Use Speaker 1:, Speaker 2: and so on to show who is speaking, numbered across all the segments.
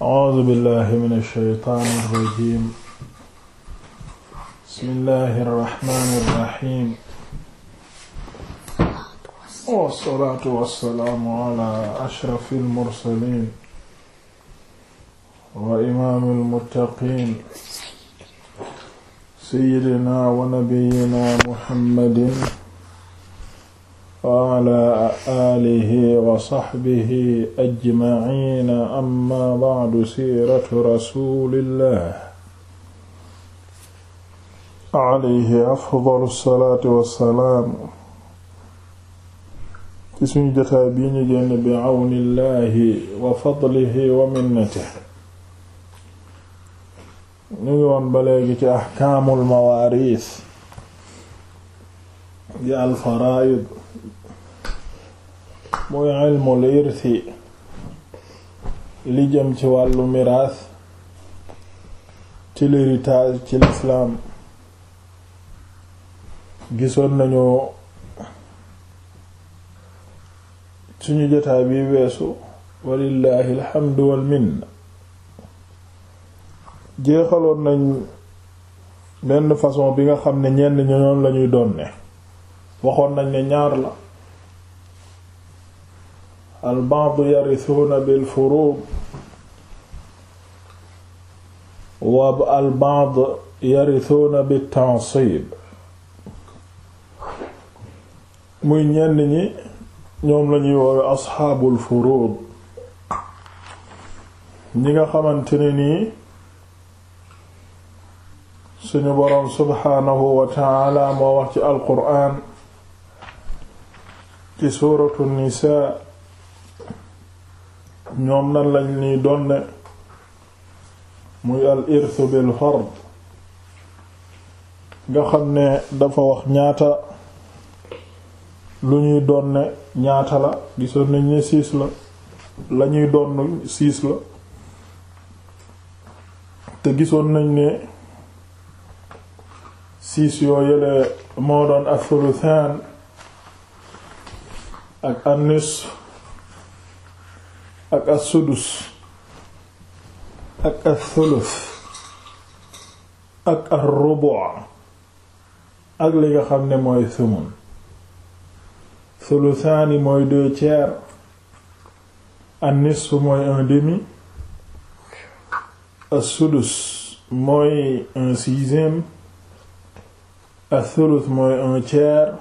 Speaker 1: A'uuzu billaahi mina shaytaani rajiim bismillaahi rahmaani rahiim wa salaatu wa salaamu alaa ashrafil mursaliin wa imaamil muttaqiin sayyidinaa wa nabiyyinaa Muhammadin wa ala aalihi wa saxbihi ajmaciina amma bacdu siiratu rasuulillah alayhi afdalu salaatu wassalaam ci suñu jotaay bii ñu génn bi cawnillahi wa fadlihi wa minnatihi ñu ngi woon ba léegi ci axkaamul muy ilmul irsi li jëm ci wàllu miraas ci l'héritage ci l'islam gisoon nañu suñu jotaay bi weesu walillahi alhamdu wal minna nañ benn façon bi nga xam ne ñenn ñi lañuy doon ne waxoon nañ ne ñaar la albaadu yarisuuna bilfuruud wa albaadu yarisuuna bittansiib muy ñenn ñi ñoom lañuy woowe asxaabul furuud ñi nga xamante ne nii suñu boroom subxaanahu wa taala moo wax ci alquraan ci suuratu nisaa ñoom nan lañ ni donne muy al irth bil fard nga xam ne dafa wax ñaata lu ñuy donne ñaata la gisoon nañ ne siis la lañuy ñuy donn siis la te gisoon nañ ne siis yoo yële moo doon ak thuluthan ak an nisf ak al sudus ak as-thuluth ak li nga xam ne mooy sumun thuluthaani mooy deux tiers an-nisf mooy un demi as-sudus mooy un sixième as-thuluth mooy un tiers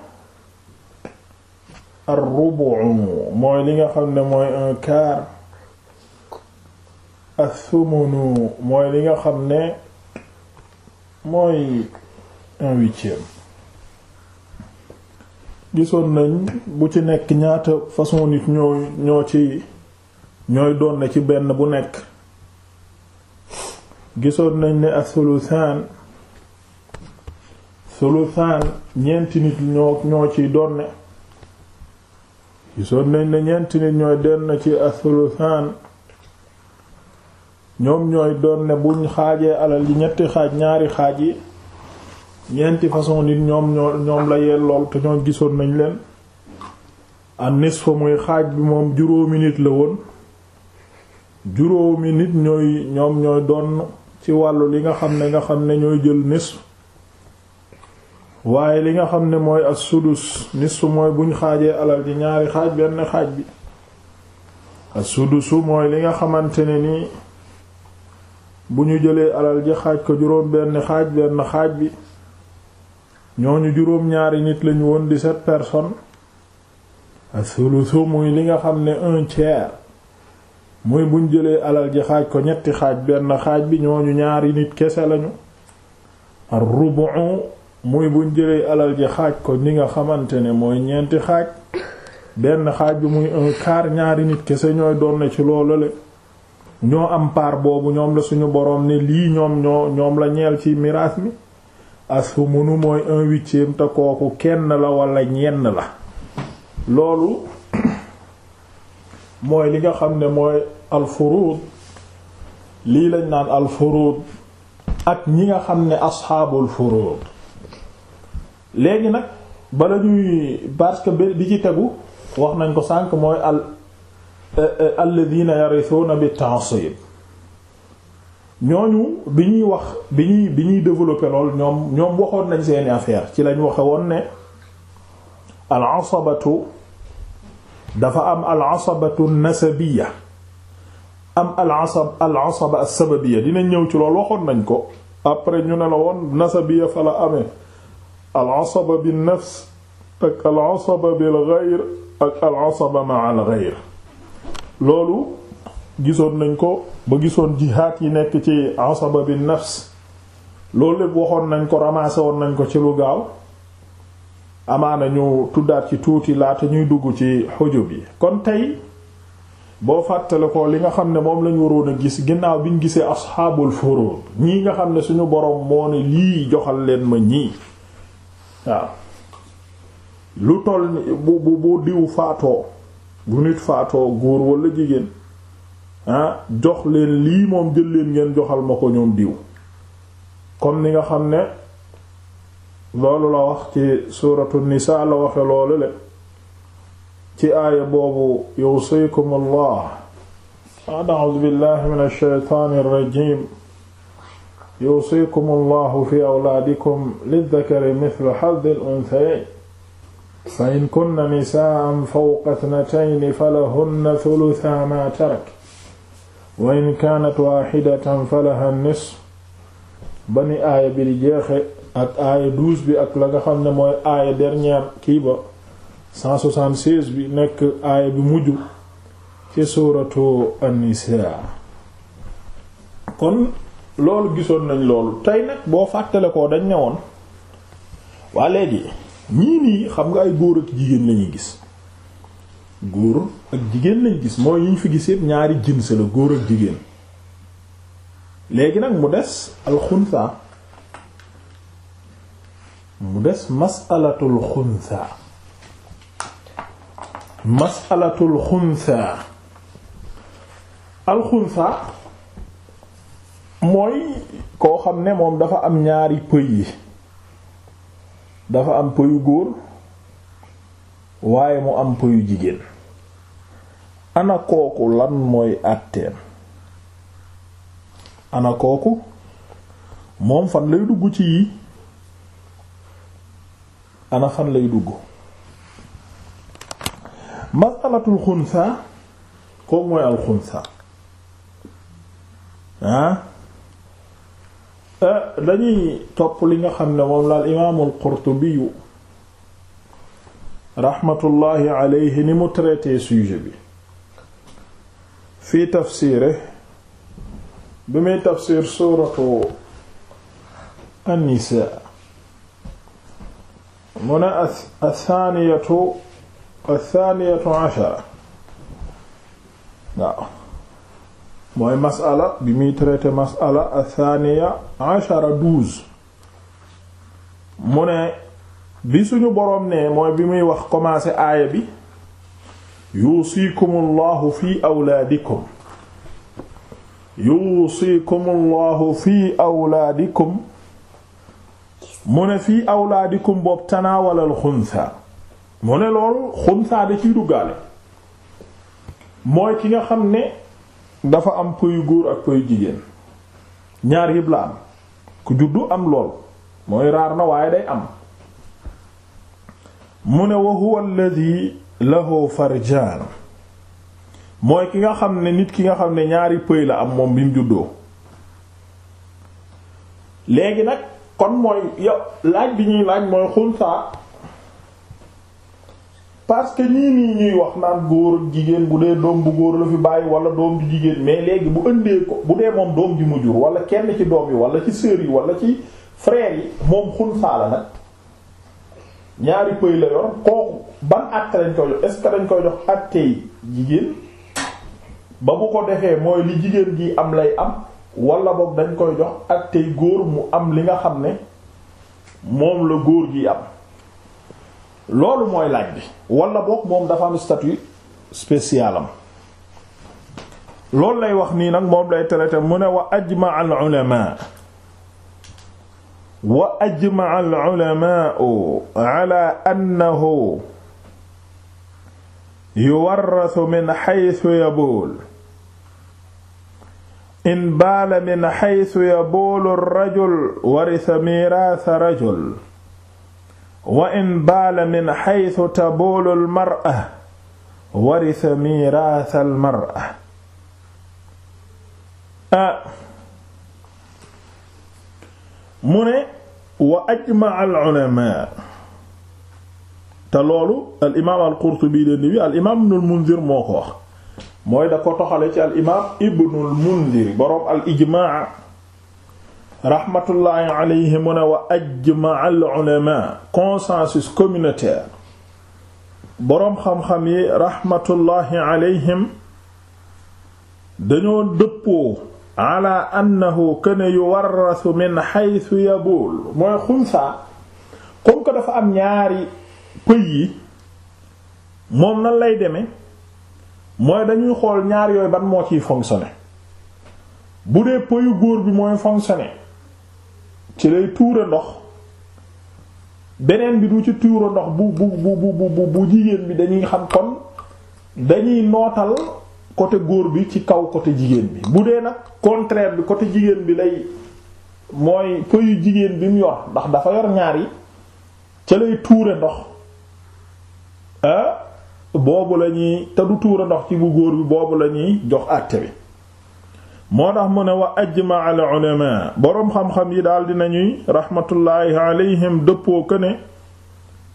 Speaker 1: ar-rubu' mooy li nga xam ne mooy un quart asumunu mooy li nga xam ne mooy un huitième gisoon nañ bu ci nekk ñaata façon nit ñoo ñoo ci ñooy doon ci benn bu nekk gisoon nañ ne ak sulusaan sulusaan ñeenti nit ñoo ñoo ciy doon gisoon nañ ne ñeenti nit ñooy doon na ci ak sulusaan ñoom ñooy doon ne buñ xaajee alal yi ñetti xaaj ñaari xaaj yi ñeenti façon nit ñoom ñoo ñoom la yellool te ñoo gisoon nañ leen a nisfa muy xaaj bi moom juróomi nit la woon juróomi nit ñooy ñoom ñooy doon ci wàllu li nga xam ne nga xam ne ñooy jël nisf waaye li nga xam ne mooy as sudus nisfu mooy buñ xaajee alal yi ñaari xaaj benn xaaj bi as mooy li nga xamante ne nii bu ñu jëlee alal ji xaaj ko juróom benn xaaj benn xaaj bi ñooñu juróom ñaari nit lañu woon dix-sept personnes asulusu muy li nga xam ne un tiers muy buñ jëlee alal ji xaaj ko ñetti xaaj benn xaaj bi ñooñu ñaari nit kese lañu ar-rubu muy buñ jëlee alal ji xaaj ko ni nga xamante ne mooy ñeenti xaaj benn xaaj bi muy un quart ñaari nit kese ñooy doon na ci loolale ñoo am part boobu ñoom la suñu boroom ne lii ñoom ñoo ñoom la ñeel ci miraas mi mënu mooy un huitième te kooku kenn la wala ñenn la loolu mooy li nga xam ne mooy alfuruud lii lañ naan alfuruud ak ñi nga xam ne asxaabul furuud léegi nag bala ñuy parce bi ci tegu wax nañ ko sànq mooy al E, e, alladina yarithuna bi ta'sib ñooñu bi ñuy wax bi ñuy bi ñuy développer lool ñoom ñoom waxoon nañ seeni affaire ci lañ waxe woon ne al asabatu dafa am al asabatu nasabiyya am al asab al asaba as-sababiyya dinañ ñëw ci lool waxoon nañ ko après ñu ne la woon nasabiyya fa la amee al asaba bin nafs ak al asaba bil ghayr ak al asaba ma'a al ghayr loolu gisoon nañ ko ba gisoon jihaad yi nekk ci asaba bi nafs loolu lépp waxoon nañ ko ramassé woon nañ ko ci lu gaaw amaana ñu tuddaat ci tuuti laata ñuy dugg ci xujub bi kon tey boo fàttale ko li nga xam ne moom lañu waroon a gis ginnaaw biñ gisee asxaabul furud ñii nga xam ne suñu boroom moo ne lii joxal leen ma ñii waaw lu toll bu bu bu diw faatoo bu nit faatoo góor wala jigéen ah, jox leen lii moom jël leen ngeen joxal ma ko ñoom diw comme ni nga xam ne loolu la wax ci suuratu nisaa la waxe loolu le ci aaya boobu yuusikum allah ba'da a'uuzu billahi min ash-shaytaani ar-rajiim yuusikum allahu fi awlaadikum lidhakari mithlu hadhi al-unthayayn fa in kunna nisaa'an fawqa ithnatayni falahunna thuluthaa maa taraka wa in kaanat waahidatan falahaa nisfu ba ni aaya bi di jeexe ak aaya bi ak la nga xam ne mooy aaya dernière kii ba bi nekk aaya bi mujj ci suuratu an kon loolu gisoon nañ loolu tey nag boo fàttale ko dañ ne woon waa léegi ñii nii xam nga ay góor ak jigéen lañuy gis góor ak jigéen lañ gis mooy yi ñu fi gis ñaari jins la góor ak jigéen léegi nag mu des alxunsa mu des masalatul xunsa masalatul xunsa alxunsa mooy koo xam ne moom dafa am ñaari pëy yi dafa am pëyu góor waaye mu am pëyu jigéen ana kooku lan mooy àtteem ana kooku moom fan lay dugg ci yi ana fan lay dugg masalatul xunsa kooku mooy al xunsa ah Euh, dañuy topp li nga xam ne moom la al imaamu al Qurtubi raxmatullahi alayhi ni mu traité sujet bi fii tafsiire bi muy tafsir suuratu annisaa mu ne athaaniyatu athaaniyatu ashara waaw mooy masala bi muy traité masala athaniya ashara douze mu ne bi suñu boroom ne mooy bi muy wax commencé aaya bi yuusikumullahu fi awlaadikum yuusikumullahu fi awlaadikum mu ne fii awlaadikum boobu tanaawalal xunsa mu ne loolu xunsa da ciy duggaale mooy ki nga xam ne dafa am pëyu góor ak pëyu jigéen ñaar yëpp la am ku juddu am lool mooy raar na waaye day am mu ne wa huwa alladhi far farjaan mooy ki nga xam ne nit ki nga xam ne ñaari pëy la am moom bi mu juddoo léegi nag kon mooy yow laaj bi ñuy laaj mooy xunsa parce que ñii nii ñuy wax naan góor jigéen bu dee doom bu góor la fi bàyyi wala doom ju jigéen mais léegi bu ëndee ko bu dee moom doom ji mu jur wala kenn ci doom yi wala ci sœurs yi wala ci frères yi moom xun saala nag ñaari pëy la yor kooku ban àtte lañ koy jox est ce que dañ koy jox àttey jigéen ba bu ko defee mooy li jigéen gi am lay am walla boog dañ koy jox àttey góor mu am li nga xam ne moom la góor gi am loolu mooy laaj bi wala moom dafa am statut spécial am loolu lay wax nii nag moom lay traité mu ne wa ajmaa al ulama wa ajmaa al ulama ala min xaytu yabool in baala min xaytu yaboolu rajul warisa miraasa rajul wa in baala min xaytu taboolu almara warisa miraasa almara mu ne wa ajmaa alulama te loolu alimaam alqurtubi den bi alimaam ibnu almundir moo ko wax mooy da ko toxale ci alimaam ibnu almundir boroom alijmaa rahmatullahi alayhi mu ne wa ajma al ulama consensus communautaire boroom xam-xam yi rahmatullahi alayhim dañoo dëppoo ala annahu kana yuwarrasu min haythu yabul mooy xumsa comme que dafa am ñaari pëy yi moom na lay deme mooy dañuy xool ñaar yooyu ban moo ciy fonctionner bu dee pëyu góor bi mooy fonctionner ci lay tuure ndox beneen bi du ci tuure ndox bu bu bu bu bu jigéen bi dañuy xam kon dañuy nootal côté góor bi ci kaw côté jigéen bi bu dee nag contraire bi côté jigéen bi lay mooy pëyu jigéen bi mu yor ndax dafa yor ñaar yi ca tuure ndox ah boobu la ñuy te du tuure ndox ci bu góor bi boobu la ñuy jox àtte bi moo tax mu ne wa ajma al ulama boroom xam-xam yi daal dinañuy raxmatullaahi alayhim dëppoo ko ne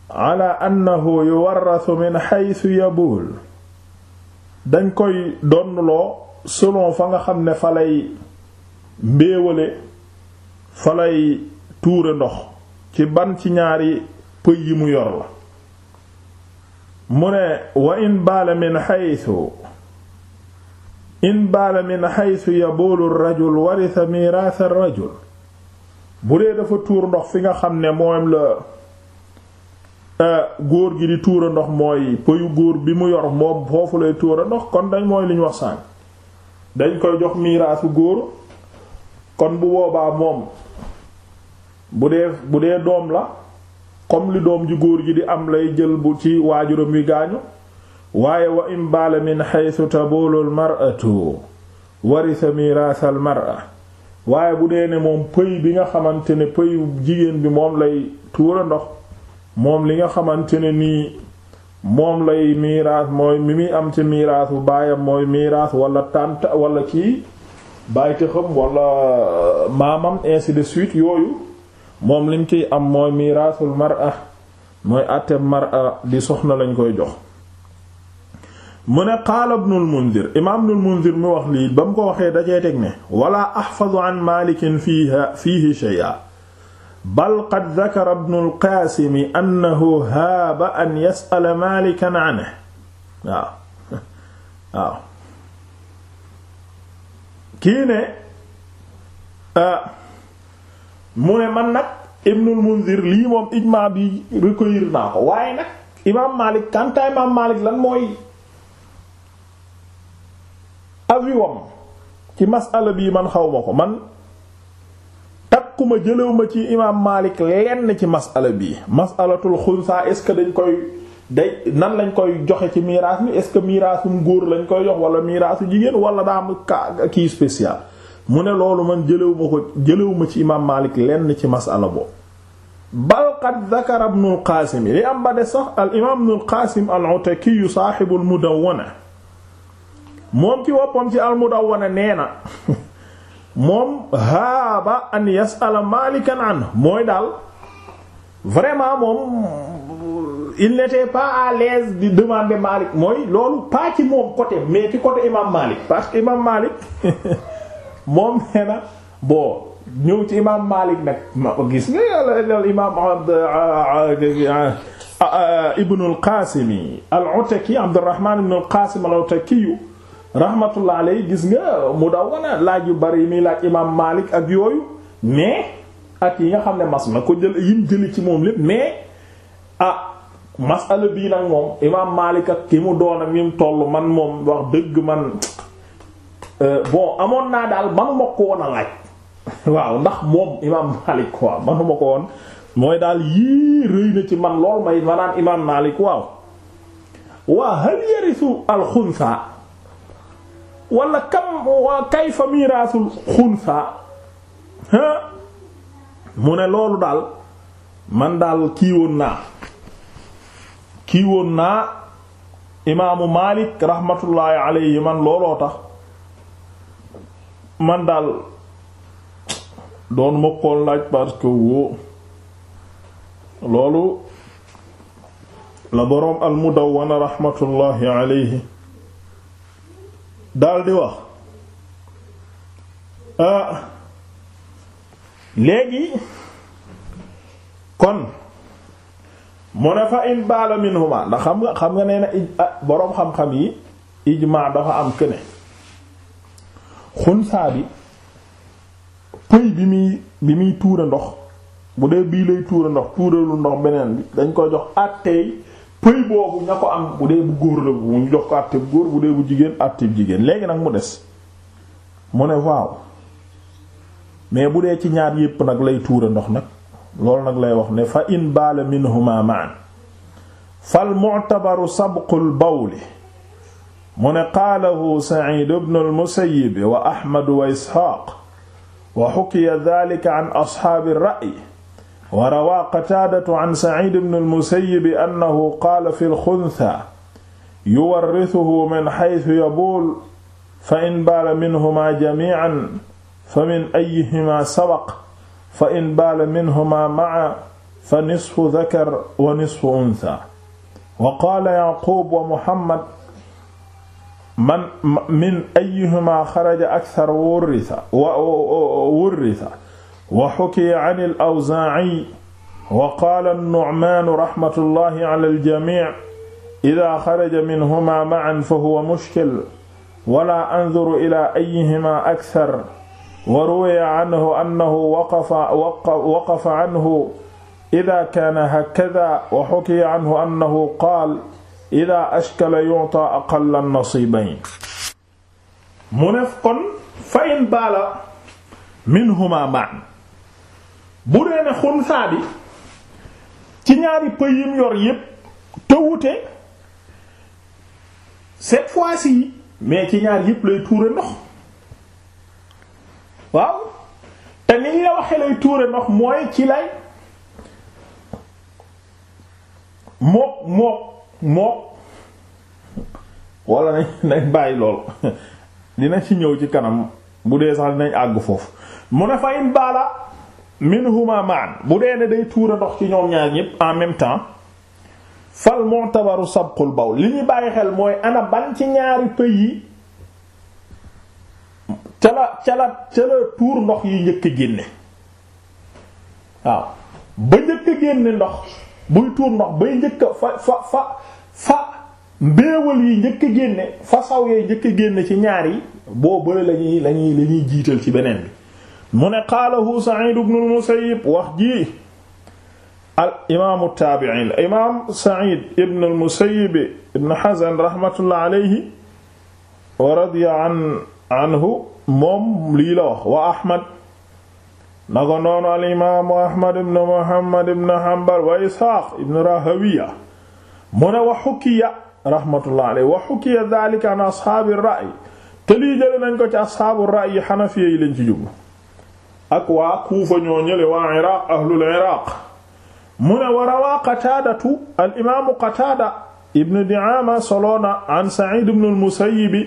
Speaker 1: ala annahu yuwarrasu min xaysu yabul dañ koy donnloo selon fa nga xam ne fa lay mbéewale fa lay tuure ndox ci ban ci ñaari pëy yi mu yor la mu ne wa in baala min xaysu in baala min xaytu yaboolu rajul warisa miraasa rajul bu dee dafa tuur ndox fi nga xam ne moom la eh, góor gi di tuura ndox mooy pëyu góor bi mu yor moom foofu lay tuura ndox kon dañ mooy li ñu wax sànk dañ koy jox miraasu góor kon bu boobaa moom bu dee bu dee doom la comme li doom ju góor gi di am lay jël bu ci waajuram wi gaañu waaye wa in baala min xaytu taboolu almaratu warisa miraasa almara waaye bu dee ne moom pëy bi nga xamante ne pëyu jigéen bi moom lay tuura ndox moom li nga xamante ne nii moom lay miraas mooy mi muy am ci miraas bu baayam mooy miraas walla tànt wala kii bàyyite xam wala maamam ainsi de suite yooyu moom lim ciy am mooy miraasul mar'a mooy àtte mar'a di soxna lañ koy jox mu ne qaala ibnul mundir imaam ibnul mundir mi wax lii ba mu ko waxee dajee teg ne wala axfadu an maalikin fiiha fiihi shay'a bal qad dakara ibnul qaasimi annahu haaba an yas'ala maalikan anhu waaw waaw kii ne mu ne man nag ibnul mundir lii moom ijmaa bi recueillir naa ko waaye nag imaam maalik kantaa imaam maalik lan mooy aviwam ci masala bii man xaw ko man takkuma jëlewuma ci imaam Maalik lenn ci masala bii masalatul xunsa est-ce que dañ koy day nan lañ koy joxe ci miraas mi est-ce que miraasum góor lañ koy jox wala miraasu jigéen wala daa am ka mu ne loolu man jëlewuma ci imaam Maalik lenn ci masala boobu bal qad dakara ibnul Qaasim li am ba de sax al imaam ibnul Qaasim al-Utaki saaxibul Mudawwana moom ci woppam ci almudawwana nee na moom haaba an yasala malikan an mooy daal vraiment moom il n'était pas à l'aise di demander Malik mooy loolu pas ci moom côté mais ci imam Malik parce que imam Malik moom nee na bon ci imam Malik nag ma ko gis nga imam euh, euh, euh, Ibn al-Qasim al-Utaki Abdurrahman al-Qasim rahmatullah alayhi gis nga mu daw wana laaj yu bari yi muy laaj imam maalik ak yooyu mais ak yi nga xam ne mas na ko jël yim jëli ci moom lépp mais ah masala bii nag moom imam Malik ki mu doon ak mu man moom wax dëgg man euh, naa daal manuma ko woon ndax moom mooy daal yii rëy na ci man lool may manaan imam Malik waaw waa hal yarisu alxunsa wala kam wa kayfa miiraasul xunsa mu ne loolu daal man daal kiiwoon naa kiiwoon naa imaamu Maalik rahmatullahi alayhi man looloo tax man daal doon mokkoon laaj parce que woo loolu la boroom al-Mudawwana rahmatullahi alayhi daldi wax ah, léegi kon mu ne fa in baala minhuma ndax xam nga xam nga nee na ah, boroom xam-xam yi ijmaa dafa am këne xunsaa bi pëy bi muy bi muy tuura ndox bu dee bii lay tuura ndox tuuralu ndox beneen bi dañ ko jox àtteey pëy boobu ña ko am bu dee bu góor la bu ñu jox ko àtteb góor bu dee bu jigéen àtteb jigéen léegi nag mu des mu ne waaw mais bu dee ci ñaar yépp nag lay tuure ndox nag loolu nag lay wax ne fa in baala minhuma ma'an fal mu'tabaru sabqul bawli mu ne qaalahu Sa'id ibn al-Musayyib wa Ahmad wa Isxaaq wa xukiya dhalika an ashaabi ar wa rawaa qataadatu an saciid ibn al-musayyib annahu qaala fi al-xunthaa yuwarrisuhu min xaysu yabuul fa in baala minhumaa jamiican fa min ayyihimaa sabaq fa in baala minhumaa maca fa nisfu dakar wa nisfu unthaa wa qaala yacquub wa muhammad man min ayyihimaa xaraja akthar wurrisa wurrisa wa xukiya an al-Awzaa'i wa qaala an-Nu'maan raxmatullahi ala al-jamii' idaa xaraja minhumaa ma'an fa huwa mushkil wala anzuru ila ayyihimaa akthar wa ruwiya anhu annahu waqafa waqafa anhu idaa kaana hakadaa wa xukiya anhu annahu qaal idaa ashkala yu'taa aqalla an-nasiibayn mu ne kon fa in baala minhumaa ma'an bu dee ne xunsaa bi ci ñaari pëy yim yor yépp te wute cette fois-ci mais ci ñaar yépp lay tuure ndox waaw te ni ñu waxee lay tuure ndox mooy ci lay mook mook mook wala nañ nañ bàyyi lool dina ci ñëw ci kanam bu dee sax dinañ àgg foofu mu ne fayin baala minhuma maan bu dee ne day tuura ndox ci ñoom ñaar ñépp en même temps fal mu'tabaru sabqul bawl li ñu bàyyi xel mooy ana ban ci ñaari pëy yi ca la ca la ca la tuur ndox yi njëkk a génne waaw ba njëkk génne ndox buy tuur ndox bay njëkk a fa fa fa fa mbéewal yi njëkk génne fa saw yee njëkk a génne ci ñaar yi boo bëri lañuy lañuy lañuy jiital ci beneen bi mu ne qaalahu Sa'id ibn al-Musayyib wax ji al imaamu taabi'i la imaam Sa'id ibn al-Musayyib ibn Hazn rahmatullah alayhi wa radiya an anhu moom lii la wax wa Ahmad na ko noonu al imaamu Ahmad ibn Muhammad ibn Hanbal wa Ishaaq ibn Rahawiya mu ne wa hukiya rahmatullah alayhi wa hukiya dhaalika an ashaabi ar-ra'y te lii jëlee nañ ko ci ashaabu ar-ra'y Hanafiyya yi lañ ci jublu ak waa kuufa ñoo ñële waa iraq ahlul iraq mu ne wa rawaa qataadatu al imaamu qataada ibn di'aama soloona an sa'id ibn al musayyibi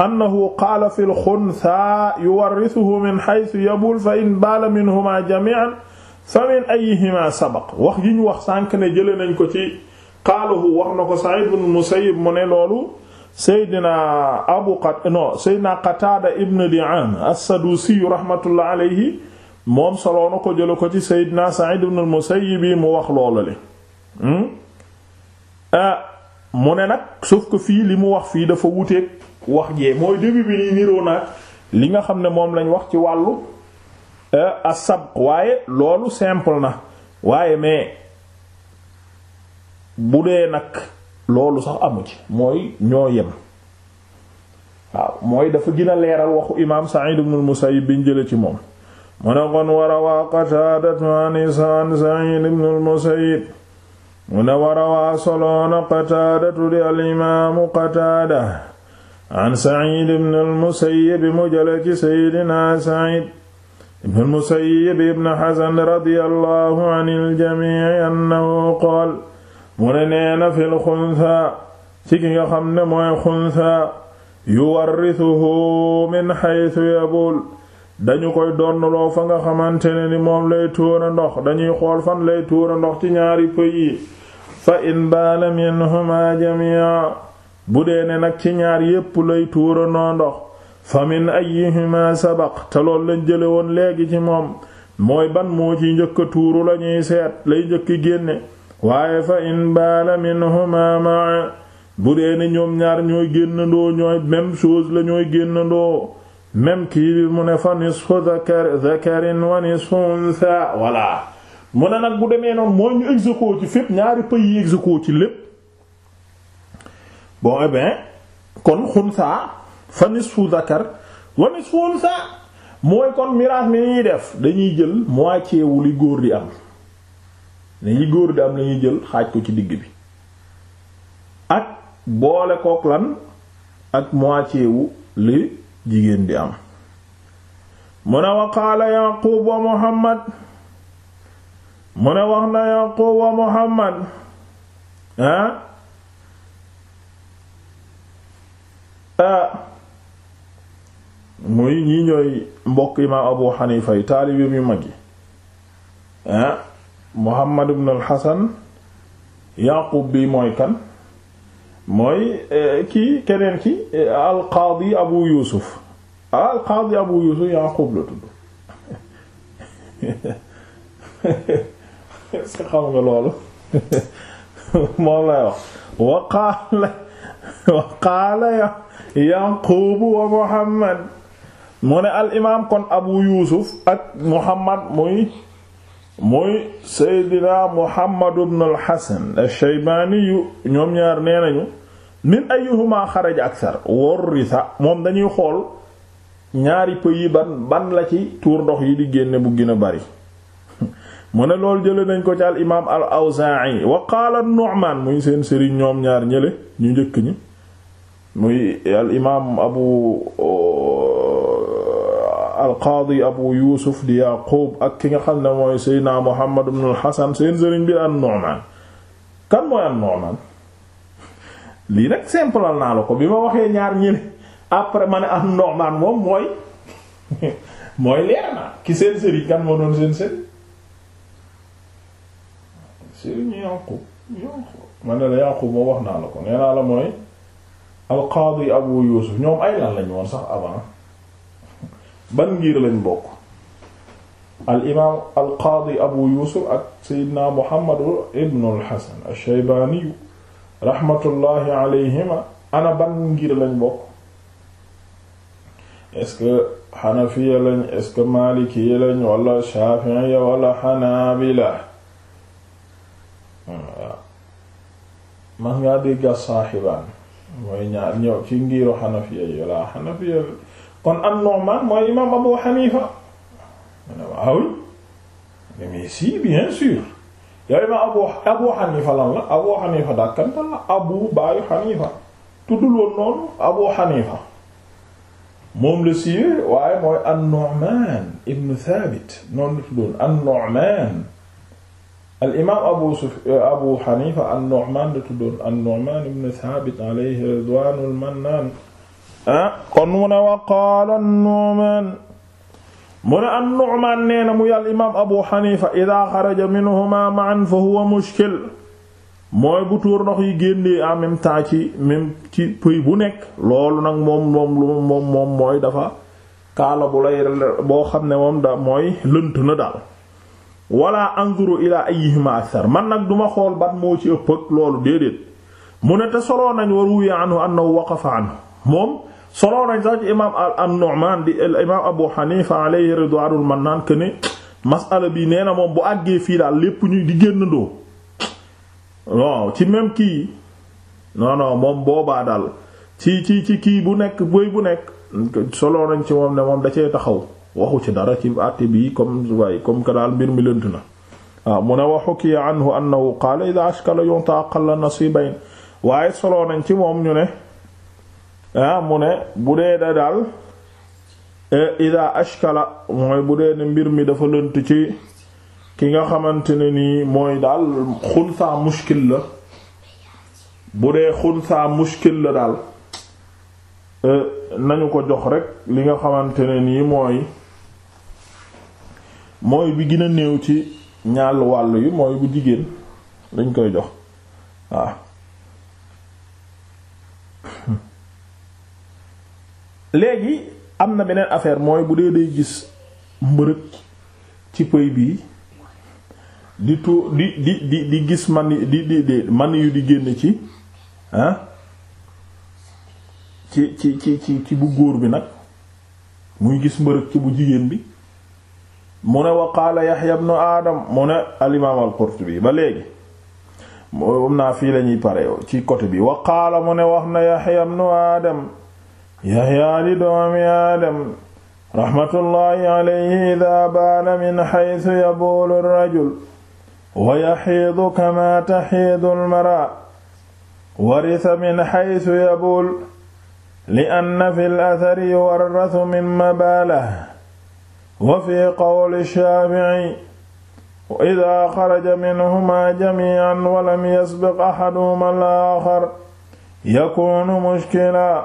Speaker 1: annahu qaala fi lxuntha yuwarrisuhu min xaytu yabul fa in baala minhuma jamian fa min ayihima sabaq wax yi ñu wax sànk ne jële nañ ko ci qaalahu wax na ko sa'id ibn al musayyib mu ne loolu Seydina Abu Qat non Seydina Qataada ibn Di'aam as rahmatullah alayhi moom soloo na ko jële ko ci Seydina Sa'id ibn al-Musayyib yi mu wax loolale hmm? ah, mu ne nag sauf que fii li mu wax fii dafa wuteeg wax jee mooy début bi nii niroo nag li nga xam ne moom lañ wax ci wàllu eh, as-sabq waaye loolu simple na waaye mais bu dee nag loolu sax amu ci mooy ñoo yem waaw mooy dafa gën a leeral waxu imaam Sa'id ibn al-Musayyib biñ jële ci moom mu ne kon warawaa qataadatu an Sa'id ibn al-Musayyib mu ne warawaa soloona qataadatu di al-imaamu qataada an Sa'id ibn al-Musayyib mu jële ci Seydina Sa'id ibn al-Musayyib ibn Hazn radiyallahu anil jamii annahu qaala mu ne nee na fil xunsa ci ki nga xam ne mooy xunsa yuwarrisuhu min xaytu yabul dañu koy donnloo fa nga xamante ne ni moom lay tuura ndox dañuy xool fan lay tuura ndox ci ñaari pëy yi fa in baana minhuma jamia bu dee ne nag ci ñaar yépp lay tuura noo ndox fa min ayihima sabaq te lool lañ jële woon léegi ci moom mooy ban moo ci njëkk a tuuru lañuy seet lay njëkki génne waaye fa in baala minhuma ma bu dee ne ñoom ñaar ñooy génnandoo ñooy même chose la ñooy génnandoo même kii bi mu ne fa nisfu zakar zakarin wa nisfu unsa voilà mu ne nag bu demee noonu mooy ñu exéco ci fépp ñaari pays yi exéco ci lépp bon eh bien kon xunsa fa nisfu zakar wa nisfu unsa mooy kon miraas mi ñuy def dañuy jël moitié wu li góor di am ne yi góor di am lañuy jël xaaj ko ci digg bi ak boole kook lan ak moitié wu li jigéen di am mu ne wa qaala yaqub wa muhammad mu ne wax na yaqub wa muhammad ah, ah. muy ñi ñooy mbokk imaam abu xanifa yi taalibe yu mag yi ah. Muhammad ibn al-Hasan Yaqub mooy kan mooy eh, kii keneen ki eh, al-Qaadi Abu Yuusuf ah, al-Qaadi Abu Yuusuf Yaqub la tudd est xam nga loolu moom lay wax wa qaala wa qaala Yaqub wa Muhammad mu ne al imaam kon Abu Yuusuf ak Muhammad muy muy seydina muhammadu bnu alxasan alsheybaaniyu ñoom ñaar nee nañu min ayuhuma xaraja akthar warrisa moom dañuy xool ñaari pëy yi ban ban la ci tuur ndox yi di génne bu gën a bari mu ne loolu jële nañ ko ci al imaam al awzaa'i wa qaala nu'maan muy seen sëriñ ñoom ñaar ñële ñu njëkk ñi muy al imaam abu alqaadi abu yuusuf di yaqub ak ki nga xam ne mooy seydna muhammad ibn alxasan seen sëriñ bi an-nu'man kan mooy an-nu'man lii nag simplal naa la ko bi ma waxee ñaar ñi après ma ne an-nu'man moom mooy mooy leer na ki seen sëriñ kan moo doon seen sëriñ sëriñ yaqub ma ne la yaqub moo wax naa la ko nee la mooy alqaadi abu yuusuf ñoom ay lañu woon sax avant ban ngir lañ bokk al imaam al qaadi abu yusuf ak seydina muhammadu al hasan al shaybaaniyu raxmatullaahi alayhima ana ban lañ bokk est-ce que xanafiya lañ est-ce que lañ wala shaafiiya wala xanaabila mas ngaa dégg saaxibaan mooy ñaar ñëw ci ngiru xanafiya yi wala kon an-Nu'man mooy imam Abu Hanifa ma ne ah waaw mais si bien sûr yow imam Abu Abu Hanifa lan la Abu Hanifa dàkkantal la Abu baayu Hanifa tuddul woon noonu Abu Hanifa moom la siiwee waaye mooy an-Nu'man ibn Thabit noonu la tuddoon an-Nu'man al imaam abu suf abu Hanifa an-Nu'man la tuddoon an-Nu'man ibn Thabit alayhi ridwaanul mannaan kon mu ne wa qaala an mu ne an-Nu'man nee na muy al imaam Abu Hanifa idha xaraja minhuma ma'an fa huwa mushkil mooy bu tuur ndox yi génnee en même temps ci même ci pëy bu nekk loolu nag moom moom mooy dafa kaala bu lay boo xam ne moom da mooy lënt na daal wala anzuru ila ayyihima akthar man nag duma xool ban moo ci ëpp ak loolu déedéet mu ne te soloo nañ waruwi anhu annahu waqafa anhu moom solo nañ sax ci imaam am Nu'man di imaam Abu Hanifa alayhi ridwaanul mannaan que ne masala bi nee na moom bu àggee fii daal lépp ñuy di génn doo waaw ci même kii non moom boobaa daal ci ci ci kii bu nekk bëy bu nekk solo nañ ci moom ne moom da cee taxaw waxu ci dara ci àtte bi comme waaye comme que daal mbir mi lënt na waaw ah, mu ne wa hukiya anhu annahu qaala idha ashkala yunta aqalla nasibayn waaye solo nañ ci moom ñu ne. ah mu ne bu dee da daal eh, ida ashkala mooy bu dee ne mbir mi dafa lënt ci ki nga xamante ne nii mooy daal xunsa mushkil la bu dee xunsa mushkil la daal eh, nañu ko jox rek li nga xamante ne nii mooy mooy bi gën a néew ci ñaal wàll yi mooy bu jigéen dañ koy jox waaw léegi am na beneen affaire mooy bu dee day gis mbërëg ci pëy bii di tu di di di di gis man yu di génn ci ah ci ci ci ci bu góor bi nag muy gis mbërëg ci bu jigéen bi mu ne wa qaala Yaxya ibnu Aadam mu ne alimaam al-Qurtubi ba léegi moom naa fii lañuy pare ci côté bi wa qaala mu ne wax na Yaxya ibnu Aadam yaxyaa di doomi aadam raxmatullaahi alayhi idaa baana min xaytu yabuulu rajul wa yaxiidu kamaa taxiidu almara warisa min xaytu yabuul li anna fi alasari yuwarrasu min mabaala wa fi qawli shaafici idaa xaraja minhumaa jamiican walam yasbiq axaduhumaa al-aaxar yakuunu mushkila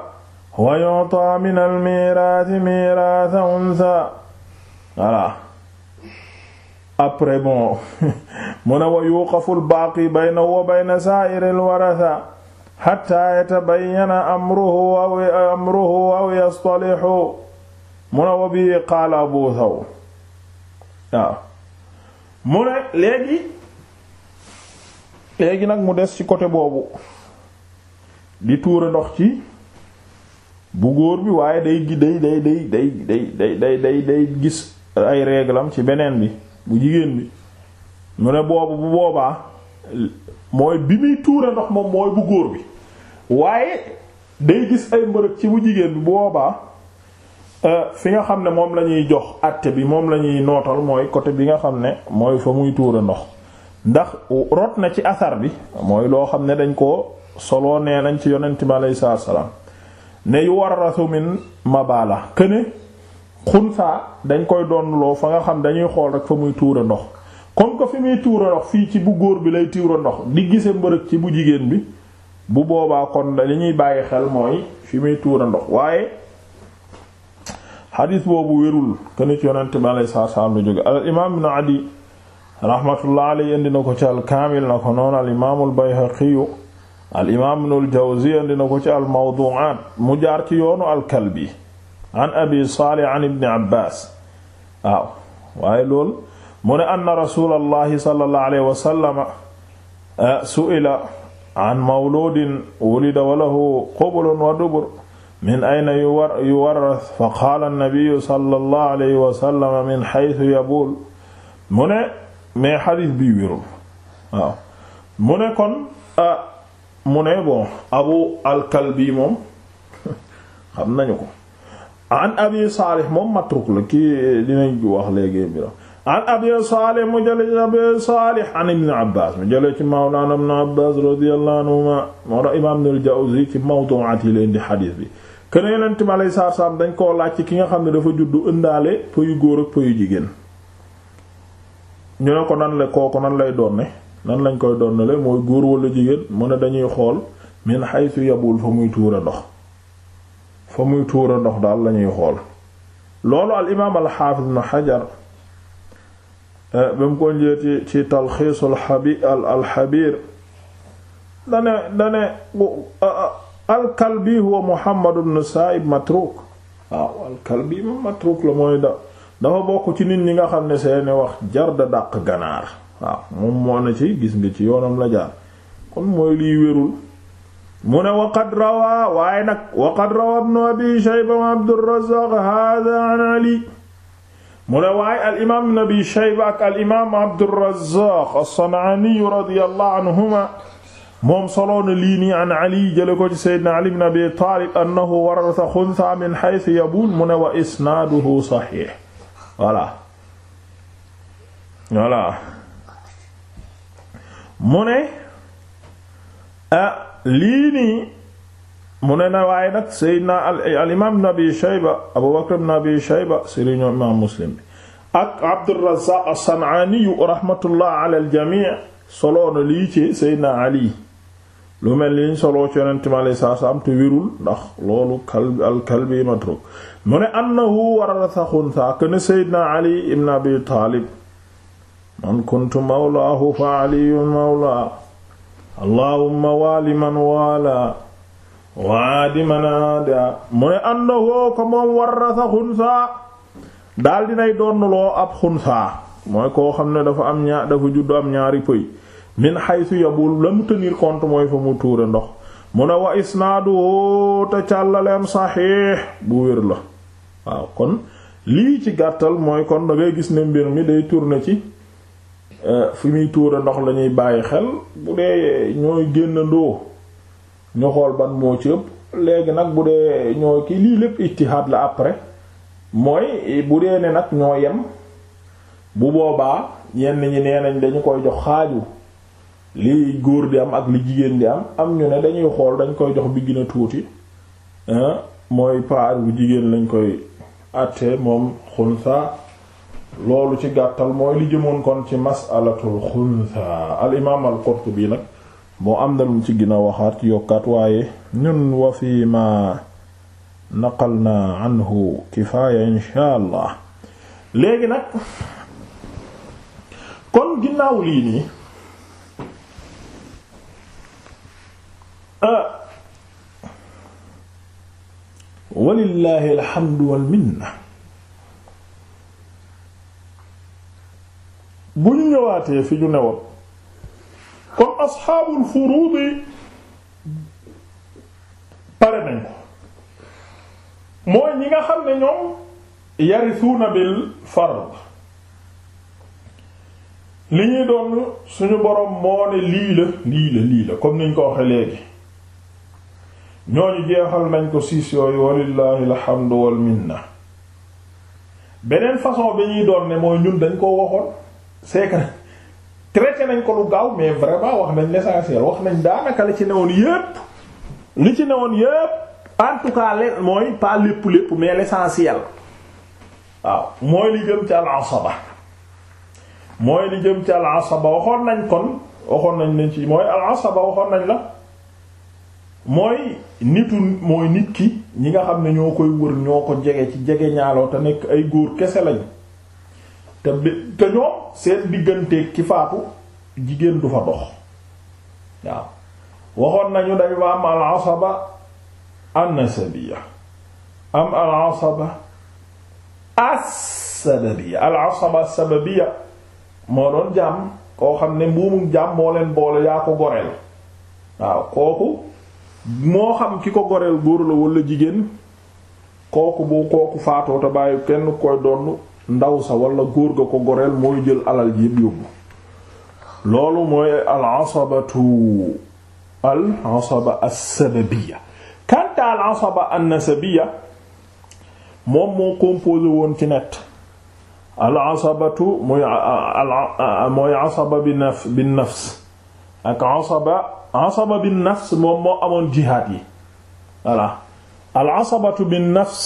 Speaker 1: wa yu'ta min al-mirathi miratha untha voilà après bon mu ne wa yuqafu al-baqi baynahu wa bayna sa'iri al-waratha hatta yatabayyana amruhu aw amruhu aw yastalihu mu ne wa waaw mu ne léegi léegi nag mu des ci côté boobu di tuur ndox ci bu góor bi waaye day day day day day day day day day gis ay réglam ci beneen bi bu jigéen bi mu ne boobu bu boobaa mooy bi muy tuure ndox moom mooy bu góor bi waaye day gis ay mbërëg ci bu jigéen bi bu boobaa euh, fi nga xam ne moom la ñuy jox àtte bi moom la ñuy nootal mooy côté bi nga xam ne mooy fa muy tuure ndox ndax rot na ci asar bi mooy loo xam ne dañ ko soloo nee nañ ci yonent bi aleyhi salaam ne yu war rasu min mabala këne xunsaa dañ koy doon loo fa nga xam dañuy xool rek fa muy tuura ndox kon que fi muy tuura ndox fii ci bu góor bi lay tuura ndox di gise mbërëg ci bu jigéen bi bu boobaa kon li ñuy bàyyi xel mooy fi muy tuura ndox waaye xadiis boobu wérul këne ci yonent bi alayhi salaam lu jóge al imaam ibn Adi rahmatullah alayhi indi na ko ci al kaamil na ko noonu al imaamul Bayhaqi al imaam ibnul jawzi andi na ko ci al mawdu'aat mu jaar ci yoonu al kalbi an abi saalih an ibni abbaas waaw waaye loolu mu ne anna rasulallahi sallallahu alayhi wa sallam eh, su'ila an mawluudin wulida wa lahu qubulun wa dubur min ayna yuwarras fa qaala an-nabiyyu sallallahu alayhi wa sallam min haythu yabul mu ne mais xadiis bi wérul waaw mu ne kon eh, mu ne bon abu alkalbi moom xam nañu ko an abi saalih moom matruk la kii dinañ wax léegi bi la an abi saalih mu jële ci abi saalih an ibn abbas mu jële ci mawlana ibn abbas radiyallahu anhuma moo tax imam ibn al-jawzi ci mawdu'at yi leen di xadiis bi keneen yonent bi alayhi salaatu salaam dañ koo laaj ci ki nga xam ne dafa juddu ëndaale pëyu góor ak pëyu jigéen ñu ne ko nan la kooku nan lay doon ne nan lañ koy donnale mooy góor walla jigéen mu ne dañuy xool min haythu yabul fa muy tuura ndox fa muy tuura ndox daal lañuy xool loolu al imaam al xaafis ibn xajar eh, ba mu ko njëeti ci talxiisu al xabiir dane dane al kalbi huwa muhammad ibn sa'ib matruk waaw al kalbi matruk la mooy da dafa bokk ci nit ñi nga xam ne seeni wax jar da dàq ganaar waaw moom moo na ci gis nga ci yoonam la jaar kon mooy liy wérul mu ne waqad rawaa waaye nag waqad rawaa ibnu abi shayba wa abdurrazzaq hada an ali mu ne waaye al imaam ibn abi shayba ak al imaam abdurrazzaq as-san'aani radiyallahu anhuma moom soloona lii nii an ali jële ko ci sayyidina ali ibn abi taalib annahu warasa xuntha min haythu yabuun mu ne wa isnaaduhu saxiix voilà voilà mu ne ah, lii nii ne na waaye nag seydna al imaam ibn abi abu bakr ibn muslim bi ak abdurrazaaq as-san'aaniyu rahmatullah ala al-jamii' soloona lii ci seydna ali lu mel liñ soloo ci yonente mi alayhi salaatu loolu kalbi matruk mu ne annahu warasa xunsa ne seydna ali ibn abi taalib man kuntu mawlaahu fa aliyun mawlaa allahumma waali man waala waadi man aada mu ne annahu ko moom warrasa xunsaa daal dinay doonuloo ab xunsaa mooy koo xam ne dafa am ñaar dafa juddu am ñaari pëy min xaytu yabul la mu tenir mooy fa mu tuure ndox mu ne wa isnaaduhu te càllaleem saxiix bu wér la waaw kon lii ci gàttal mooy kon dangay gis ne mbir mi day tourner ci Euh, fi muy tuura ndox lañuy bàyyi xel bu dee ñooy génnandoo ñu xool ban moo ci léegi nag bu dee ñooy kii lii lépp ittihaad la après mooy bu dee ne nag ñoo yem bu boobaa ñenn ñi nee nañ dañu koy jox xaaju lii góor di am ak li jigéen di am am ñu ne dañuy xool dañ koy jox bi gën tuuti mooy paar bu jigéen lañ koy àtte moom xunsa loolu ci gàttal mooy li jëmoon kon ci masalatul xunsa al imaam al Qurtubi nag moo am na lu ci gën a waxaat yokkaat waaye ñun wa fi ma naqalna anhu kifaaya insha léegi nag kon ginnaaw lii nii ah, walillahi alhamdu wal minna bu ñu ñëwaatee fi ñu newoon kon asxaabul furuudi pare nañ mooy ñi nga xam ne ñoom yarisuuna bil fard li ñuy doon suñu borom moo ne lii la lii la lii la comme niñ ko waxe léegi ñooñu jeexal nañ ko siis yooyu walillahi alhamdu wal beneen façon bi ñuy doon ne mooy ñun dañ koo waxoon c'est que traité nañ ko lu gaaw mais vraiment wax nañ l'essentiel wax nañ daanaka la ci newoon yépp li ci newoon yépp en tout cas leen mooy pas lépp lépp mais l'essentiel waaw mooy li jëm ci al-asaba mooy li jëm ci al-asaba waxoon nañ kon waxoon nañ nañ ci mooy al-asaba waxoon nañ la mooy nitu mooy nit ki ñi nga xam ne ñoo koy wër ñoo ko jege ci jege ñaaloo a nekk ay góor kese lañ te bi te ñoom seen digganteeg ki faatu jigéen du fa dox waaw waxoon nañu dañu ba am al asaba an-nasabiyya am al asaba as-sababiyya moo doon jàmm koo xam ne mbuumum jàmm moo leen boole yaa ko goreel waaw kooku moo xam ki ko goreel góor la walla jigéen kooku bu kooku faatoo te bàyyi kenn koy donn ndaw sa wala góor ga ko goreel mooy jël alal ji yóbbu loolu mooy al asabatu al asaba as-sababiyya kanta al asaba an-nasabiyya moom moo composé woon ci al asabatu mooy asaba bi nafs moom moo amoon jihaad yi al asabatu bi nafs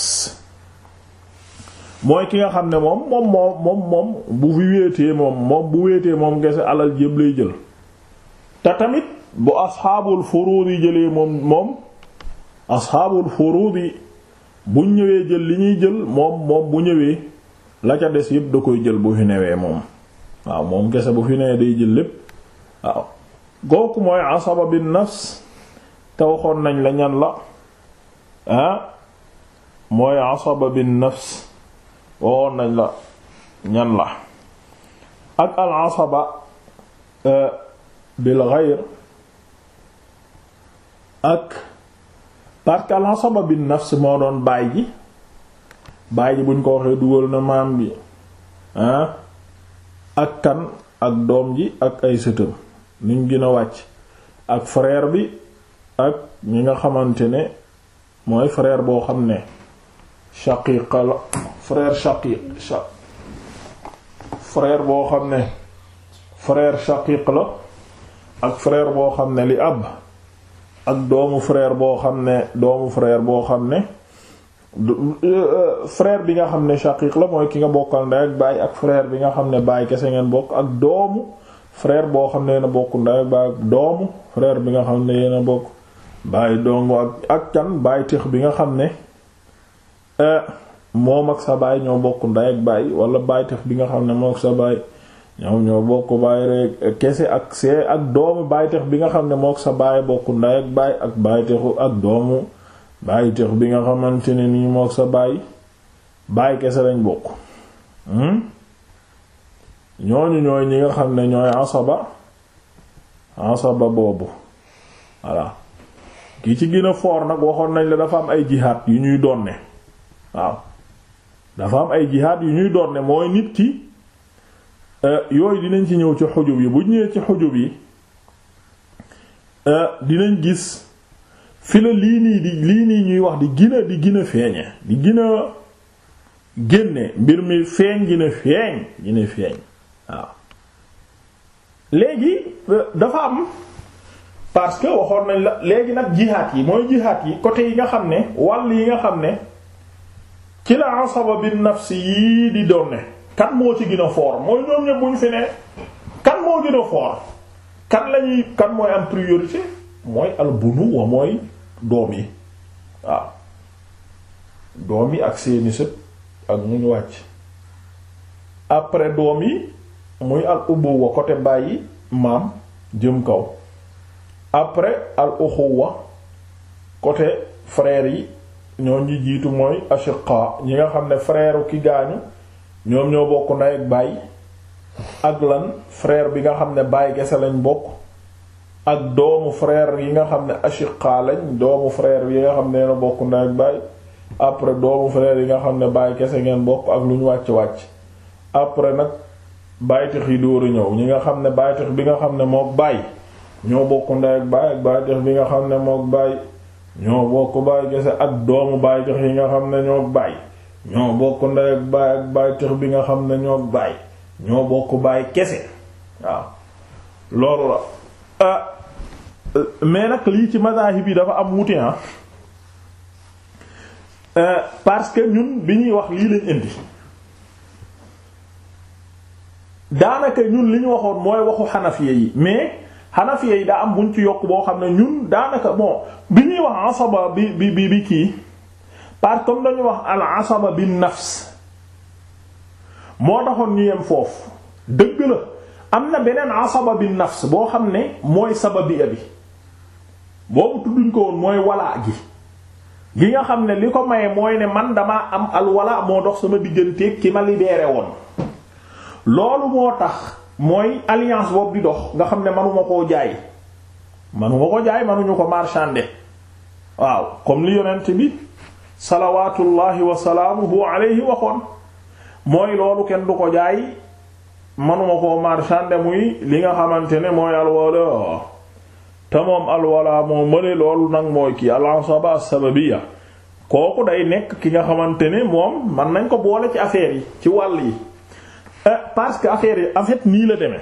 Speaker 1: mooy ki nga xam ne moom moom moom moom bu fi wéetee moom moom bu wéetee lay jël te tamit bu moom moom asxaabul furuud bu ñëwee jël li ñuy ñëwee la ca des yépp jël bu fi newee moom waaw moom gese bu fi newee day jël lépp waaw kooku mooy asaba bin nafs te waxoon nañ la ñan la ah mooy asaba bin nafs waxoon nañ la ñan la ak al asaba euh, bil ghayr ak parce que al asaba bin moo doon baay ji baay ji buñ ko waxee dugal na maam bi ak kan ak doom ji ak ay sëtam niñ gën a wàcc ak frère bi ak ñi nga xamante ne mooy frère boo xam ne shaqiqa la frère shaqiq shaq frère boo xam ne frère shaqiq la ak frère boo xam ne li ab ak doomu frère boo xam ne doomu frère boo xam ne euh, frère bi nga xam ne shaqiq la mooy ki nga bokkal ndey ak baay ak frère bi nga xam ne baay kese ngeen bokk ak doomu frère boo xam ne yéen bokk ndey ak baay ak doomu bi nga xam ne yéen bokk baay doomu ak ak kan baay tëx bi nga xam ne. Euh, moom ak sa baay ñoo bokk ndey ak baay wala baay tef bi nga xam ne moo ak sa baay ñoom ñoo bokk baay rek kese ak see ak doomu baay tef bi nga xam ne mook sa baay bokk ndey ak baay ak baay ak doomu baay tex bi nga xamante ne nii mook sa baay baay kese lañ bokk hmm? ñooñu ñooy ñi nga xam ne ñooy asaba asaba boobu voilà ki ci gën a foor nag waxoon nañ la dafa am ay jihaat yu ñuy doon ne waaw dafa am ay jihaad yu ñuy doon ne mooy nit ki euh, yooyu dinañ ci ñëw ci xujub yi bu ñëwee ci xujub yi euh, dinañ gis fi la lii nii di lii nii ñuy wax di gina di gina feeñe di gina génne mbir mi feeñ gina feeñ gina feeñ waaw léegi euh, dafa am parce que waxoon nañ la léegi nag jihaad yi mooy jihaad yi côté yi nga xam ne wàll yi nga xam ne ci la asaba bi nafsi yii di donne kan moo ci gën a mooy ñoom ñëpp bu fi ne kan moo gën a fort lañuy kan mooy am priorité mooy albunu wa mooy doom yi waaw doom yi ak seeni sët ak mu wàcc après doom yi muy al ubuwa côté bàyyi maam jëm kaw après al uxuwa côté frère yi ñoo ñi jiitu mooy ashiqa ñi nga xam ne frère ki gaañu ñoom ñoo bokk ndey ak baay ak lan frère bi nga xam ne baay gese lañ bokk ak doomu frère yi nga xam ne ashiqa lañ doomu frère yi nga xam ne bokk ndey ak baay après doomu frère yi nga xam ne baay gese ngeen bokk ak lu ñu wàcc wàcc après nag baytix yi dóoru ñëw ñi nga xam ne baytix bi nga xam ne mook baay ñoo bokk ndey ak baay ak baytix bi nga xam ne mook baay ñoo bokk baay gese ak doomu baay jox yi nga xam ne ñoo baay ñoo bokk ndey ak baay ak baay tëx bi nga xam ne ñoo baay ñoo bokk baay kese waaw loolu la ah. mais nag lii ci madahib yi dafa am wuute ah euh, parce que ñun bi ñuy wax lii lañ indi daanaka ñun li ñu waxoon mooy waxu xanafiya yi mais Hanafiya yi daa am buñ ci yokk boo xam ne ñun daanaka moo bi ñuy wax asaba bi bi bi bi kii par comme dañu wax al asaba bi nafs moo taxoon ñu yem foofu dëgg la am na beneen asaba bi nafs boo xam ne mooy sababiya bi boobu tudduñ ko woon mooy walaa gi gi nga xam ne li ko maye mooy ne man damaa am al moo dox sama digganteeg ki ma libéré woon loolu moo tax mooy alliance boobu di dox nga xam ne manuma koo jaay manuma ko jaay manuñu ko marchander waaw comme li yonent bi salawatullahi wa salaamuhu alayhi waxoon mooy loolu kenn du ko jaay manuma koo marchander muy li nga xamante ne mooy alwala te moom alwala moo mëne loolu nag mooy kii al-asaba as-sababiyya kooku day nekk ki nga xamante ne moom mën nañ ko boole ci affaire yi ci wàll yi parce que affaire yi en fait nii la deme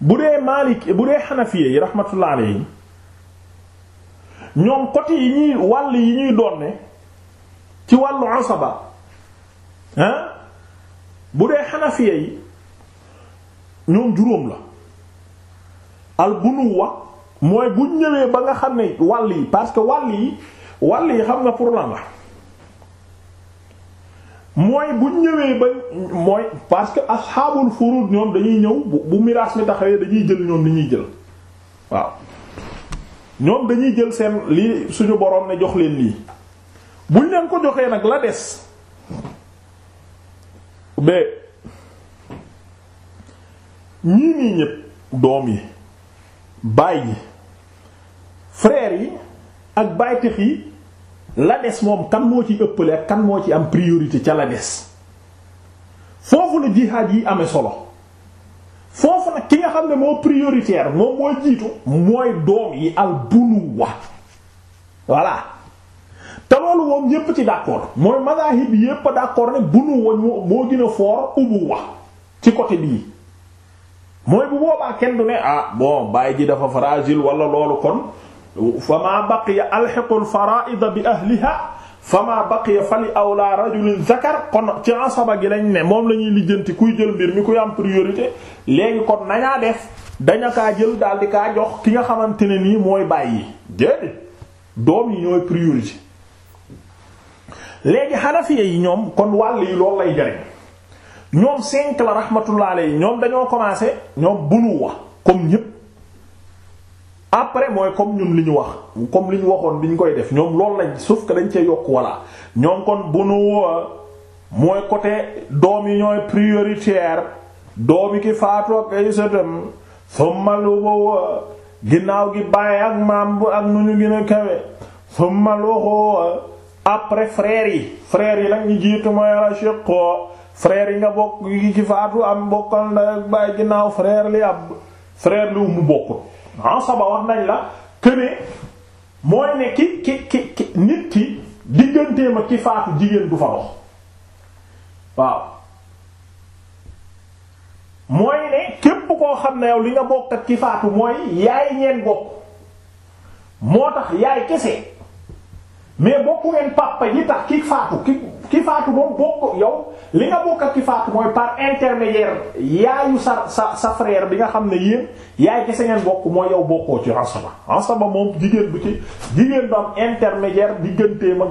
Speaker 1: bu dee Maalik bu dee Hanafiyé yi rahmatullah alayhi ñoom côté yi ñuy wàll yi ñuy doonne ci wàllu asaba hein bu dee Hanafiyé yi ñoom juróom la al bunuwa mooy buñ ñëwee ba nga xam ne wàll yi parce que wàll yi wàll yi xam nga pour lan la mooy bu ñëwee ba mooy parce que asxaabul furud ñoom dañuy ñëw bu miraas mi taxawee dañuy jël ñoom li ñuy jël waaw ñoom dañuy jël seen li suñu boroom ne jox leen lii buñ leen ko joxee nag la des ba ñii nii ñépp doom yi baay yi frère yi ak baay tex yi la des moom kan moo ci ëppale kan moo ci am priorité ca la des foofu la jihaad yi amee solo foofu nag ki nga xam ne moo prioritaire moom mooy jiitu mooy doom yi al bunuwa voilà te loolu moom ñépp ci d'accord mooy mazahib bi yépp d'accord ne bunuwa moo gën a fort ubuwa ci côté bii mooy bu boobaa kenn du ne ah bon bàyyi ji dafa fragile wala loolu kon fa maa baqiya alxiqul faraa'ida bi ahliha fa maa baqiya fali awlaa rajulin zakar kon ci asaba gi lañ ne moom la ñuy lijjanti kuy jël mbir mi kuy am priorité léegi kon nañaa def daña kaa jël daal di kaa jox ki nga xamante ne nii mooy bàyyi déedéet doom yi ñoom kon wàll yi loolu lay jariñ ñoom cinq la rahmatullah alayhi ñoom dañoo commencé ñoom buluwa comme ñépp après mooy comme ñun li ñu wax comme li ñu waxoon bi ñu koy def ñoom loolu lañ sauf que dañ cee yokk walla ñoom kon bu nu euh, mooy côté doom yi ñooy prioritaire doom yi ki faatu nu ñu gën a kawe sommaloo yi frère yi nag ñu jiitu mooy rashiqo am bokkal nda ak bàyyi ginnaaw frère li ab frère li mu bokkul asaba wax nañ la këne mooy ne ki ki ki ki nit ki digganteem ak ki faatu jigéen du fa dox waaw mooy ne képp koo xam ne yow li nga bokk ak ki faatu mooy yaay ñeen bokk moo tax yaay kese mais bokku ngeen papa yi tax ki faatu ki ki faatu moom bokk yow li nga bokk ak ki mooy par intermédiaire yaayu sa sa sa frère bi nga xam ne yéen yaay kese ngeen bokk mooy yow bokkoo ci asaba asaba moom jigéen bu ci jigéen bu am intermédiaire digganteem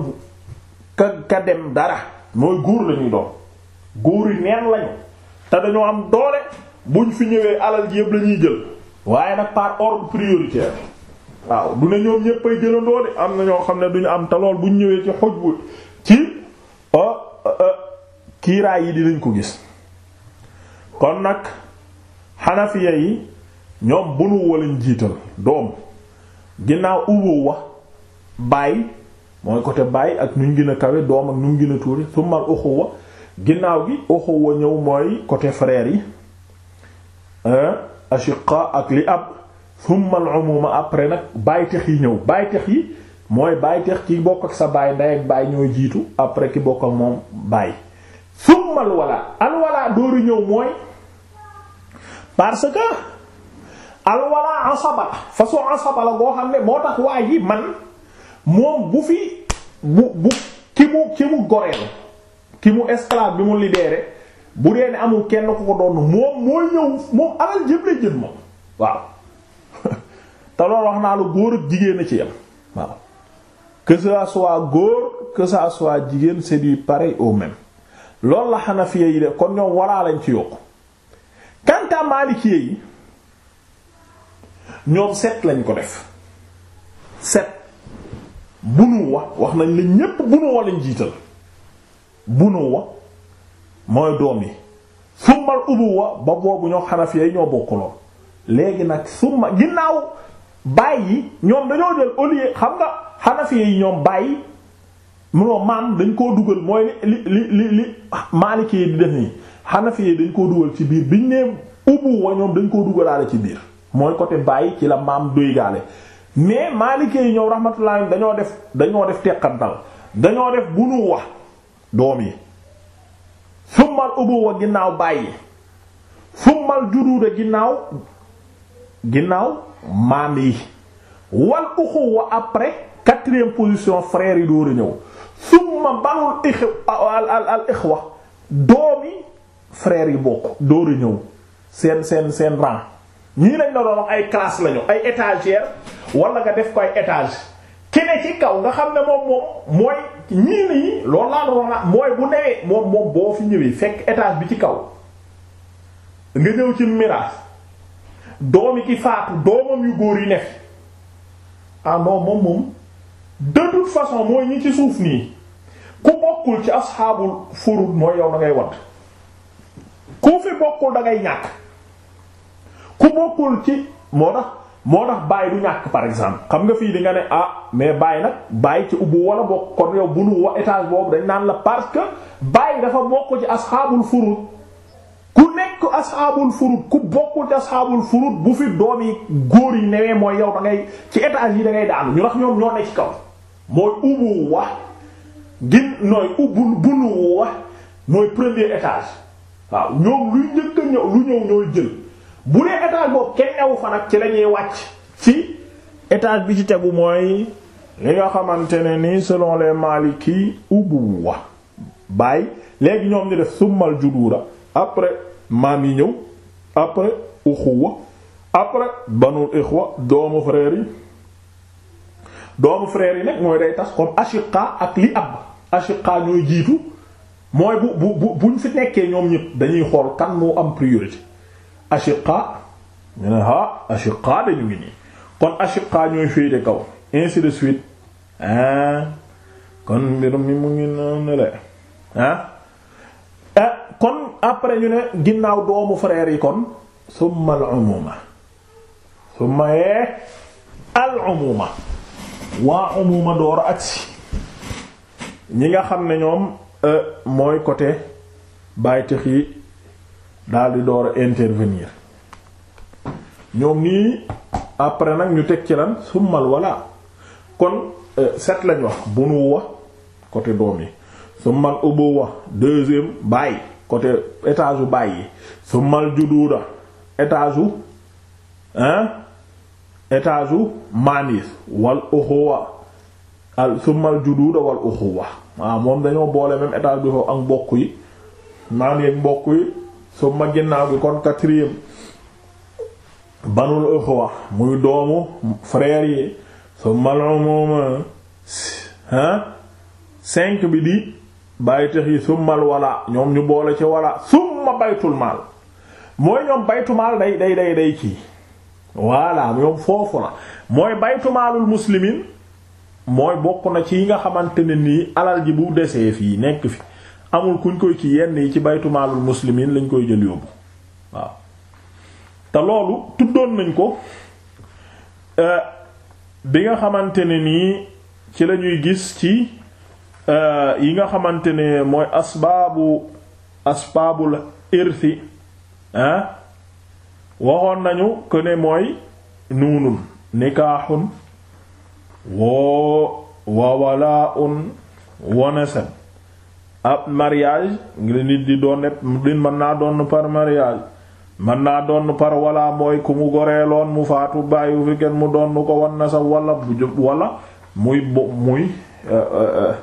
Speaker 1: ka ka dem dara mooy guur la ñuy doon góor yi neen lañu te dañoo am doole buñ fi ñëwee alal ji yëpp lañuy jël waaye nag par ordre prioritaire waaw du ne ñoom ñëpp ay jëlandoo am na ñoo xam ne duñu am te lool buñ ñëwee ci xoj bu Euh, euh, kiiraay yi dinañ ko gis kon nag xanafiya yi ñoom bunuwa lañ jiital doom ginnaaw ubuwa baay mooy côté baay ak ñu gën a kawe doom ak ñu gën a tuuri summal uxuwa ginnaaw gi uxuwa ñëw mooy côté frère yi ashiqa ak li ab summal umuma après nag baay tex yi ñëw baay tex yi mooy baay tex ki bokk ak sa baay ndey ak baay ñooy jiitu après ki bokk ak moom baay summa al walaa al ñëw mooy parce que al walaa asaba façon asaba la boo xam ne moo tax waa ji man moom bu fi bu bu ki mu ki mu goreel ki mu esclave bi mu libéré bu dee amul kenn ku ko doon moom mooy ñëw moom alal jëpp la jël moom waaw te wax naa lu góor ak jigéen a ci yam que ça góor que ça jigéen c'est du pareil au même loolu la Hanafiya yi de kon ñoom walaa ci yokku quant yi ñoom set lañ ko def set bunuwa wax nañ la ñépp bunuwa lañ jiital bunuwa mooy doom yi summal ubuwa ba boobu ñoo Hanafiya yi ñoo bokkuloon léegi nag summa ginnaaw bàyyi ñoom dañoo jël au xam nga xanafiya yi ñoom bàyyi munoo maam dañ koo dugal mooy li li li li maaliki yi di def nii xanafiya dañ koo dugal ci biir biñ nee ubbu wa ñoom dañ koo dugalaale ci biir mooy côté bàyyi ci la maam doy mais maaliki yi ñoom rahmatullah dañoo def dañoo def teqantal dañoo def bu nu wax doom yi summal ubuwa ginnaaw bàyyi summal juduuda ginnaaw ginnaaw maam yi wal uxuwa après quatrième position frère yi dóor a ñëw summa balul ix al al al doomi frère yi bokk dóor ñëw seen seen seen rang ñii lañ la doon ay classe lañu ay étagère wala nga def ko ay étage kene ci kaw nga xam ne moom moom mooy bi ci kaw nga ñëw ci miraas doomi ki faatu ah moom moom de toute façon mooy ñi ci suuf nii ku bokkul ci asxaabul furud mooy yow da ngay wadd ku fi bokkul da ñàkk ku bokkul ci moo tax moo tax baay du ñàkk par exemple xam nga fii di ne ah mais baay nag bàyyi ci ubbu wala bokk kon yow bu nu wa étage boobu dañ naan la parce que baay dafa bokk ci asxaabul furud ku nekk asxaabul furud ku bokkul ci asxaabul furud bu fi doom yi góor yi newee mooy yow da ngay ci étage yi da ngay daanu ñu tax ñoom ñoo ne mooy ubuwa gin nooy ubbu bunuwa mooy premier étage waaw ñoom luy njëkk a ñëw lu ñëw ñooy jël bu dee étage boobu kenn ci la ñuy wàcc ci étage bi ci tegu mooy li nga xamante ne ni selon les maliki ubuwa bàyyi léegi ñoom ñu def summal judura après maam yi ñëw après uxuwa après banul ixwa doomu frère doomu frère yi nag mooy day tas comme ashiqa ak li ab ashiqa ñooy jiitu mooy bu bu bu buñ fi nekkee ñoom ñëpp dañuy xool kan moo am priorité ashiqa ñu ne ah ashiqa dañu ngi nii kon ashiqa ñooy féete kaw ainsi de suite ah kon mbir mi mu ngi noonu le ah kon après ñu ne ginnaaw doomu frère yi kon summa al umuma summa al umuma waa umuma door a agsi ñi nga xam ne ñoom euh, mooy côté bàytix yi daldi door a intervenir ñoom nii après nag ñu teg ci lan summal wala kon euh, set lañ wax bunuwa côté doom yi summal ubuwa deuxième baay côté étage u baay yi summal jududa étage u hein étage u maanis wal uxuwa al summa al wal uxuwa waaw moom dañoo boole même étage bi foofu ak mbokk yi maanis ak mbokk yi summa ginnaaw bi kon quatrième banul uxuwa muy doomu frère yi summa al umuma hein cinq bi di bàyyi tax yi summal wala ñoom ñu boole ci wala summa baytul maal mooy ñoom baytu maal day day day day voilà moom foofu la mooy baytumaalul muslimin mooy bokk na ci yi nga xamante ne nii alal ji bu desee fii nekk fi amul kuñ koy ci yenn yi ci baytumaalul muslimin lañ koy jël yóbbu waaw te loolu tuddoon nañ ko euh, bi nga xamante ne nii ci la ñuy gis ci euh, yi nga xamante ne mooy asbaabu asbaabul irthi ah waxoon nañu que ne mooy nuunun nikaaxun woo wa wala'un wa nasab ab mariage ngir nit di doon nit mën naa doon par mariage mën naa doon par wala mooy ku mu goreeloon mu faatu bàyyi fi kenn mu doon ko wan nasab wala wala muy bo muy euh, euh, euh,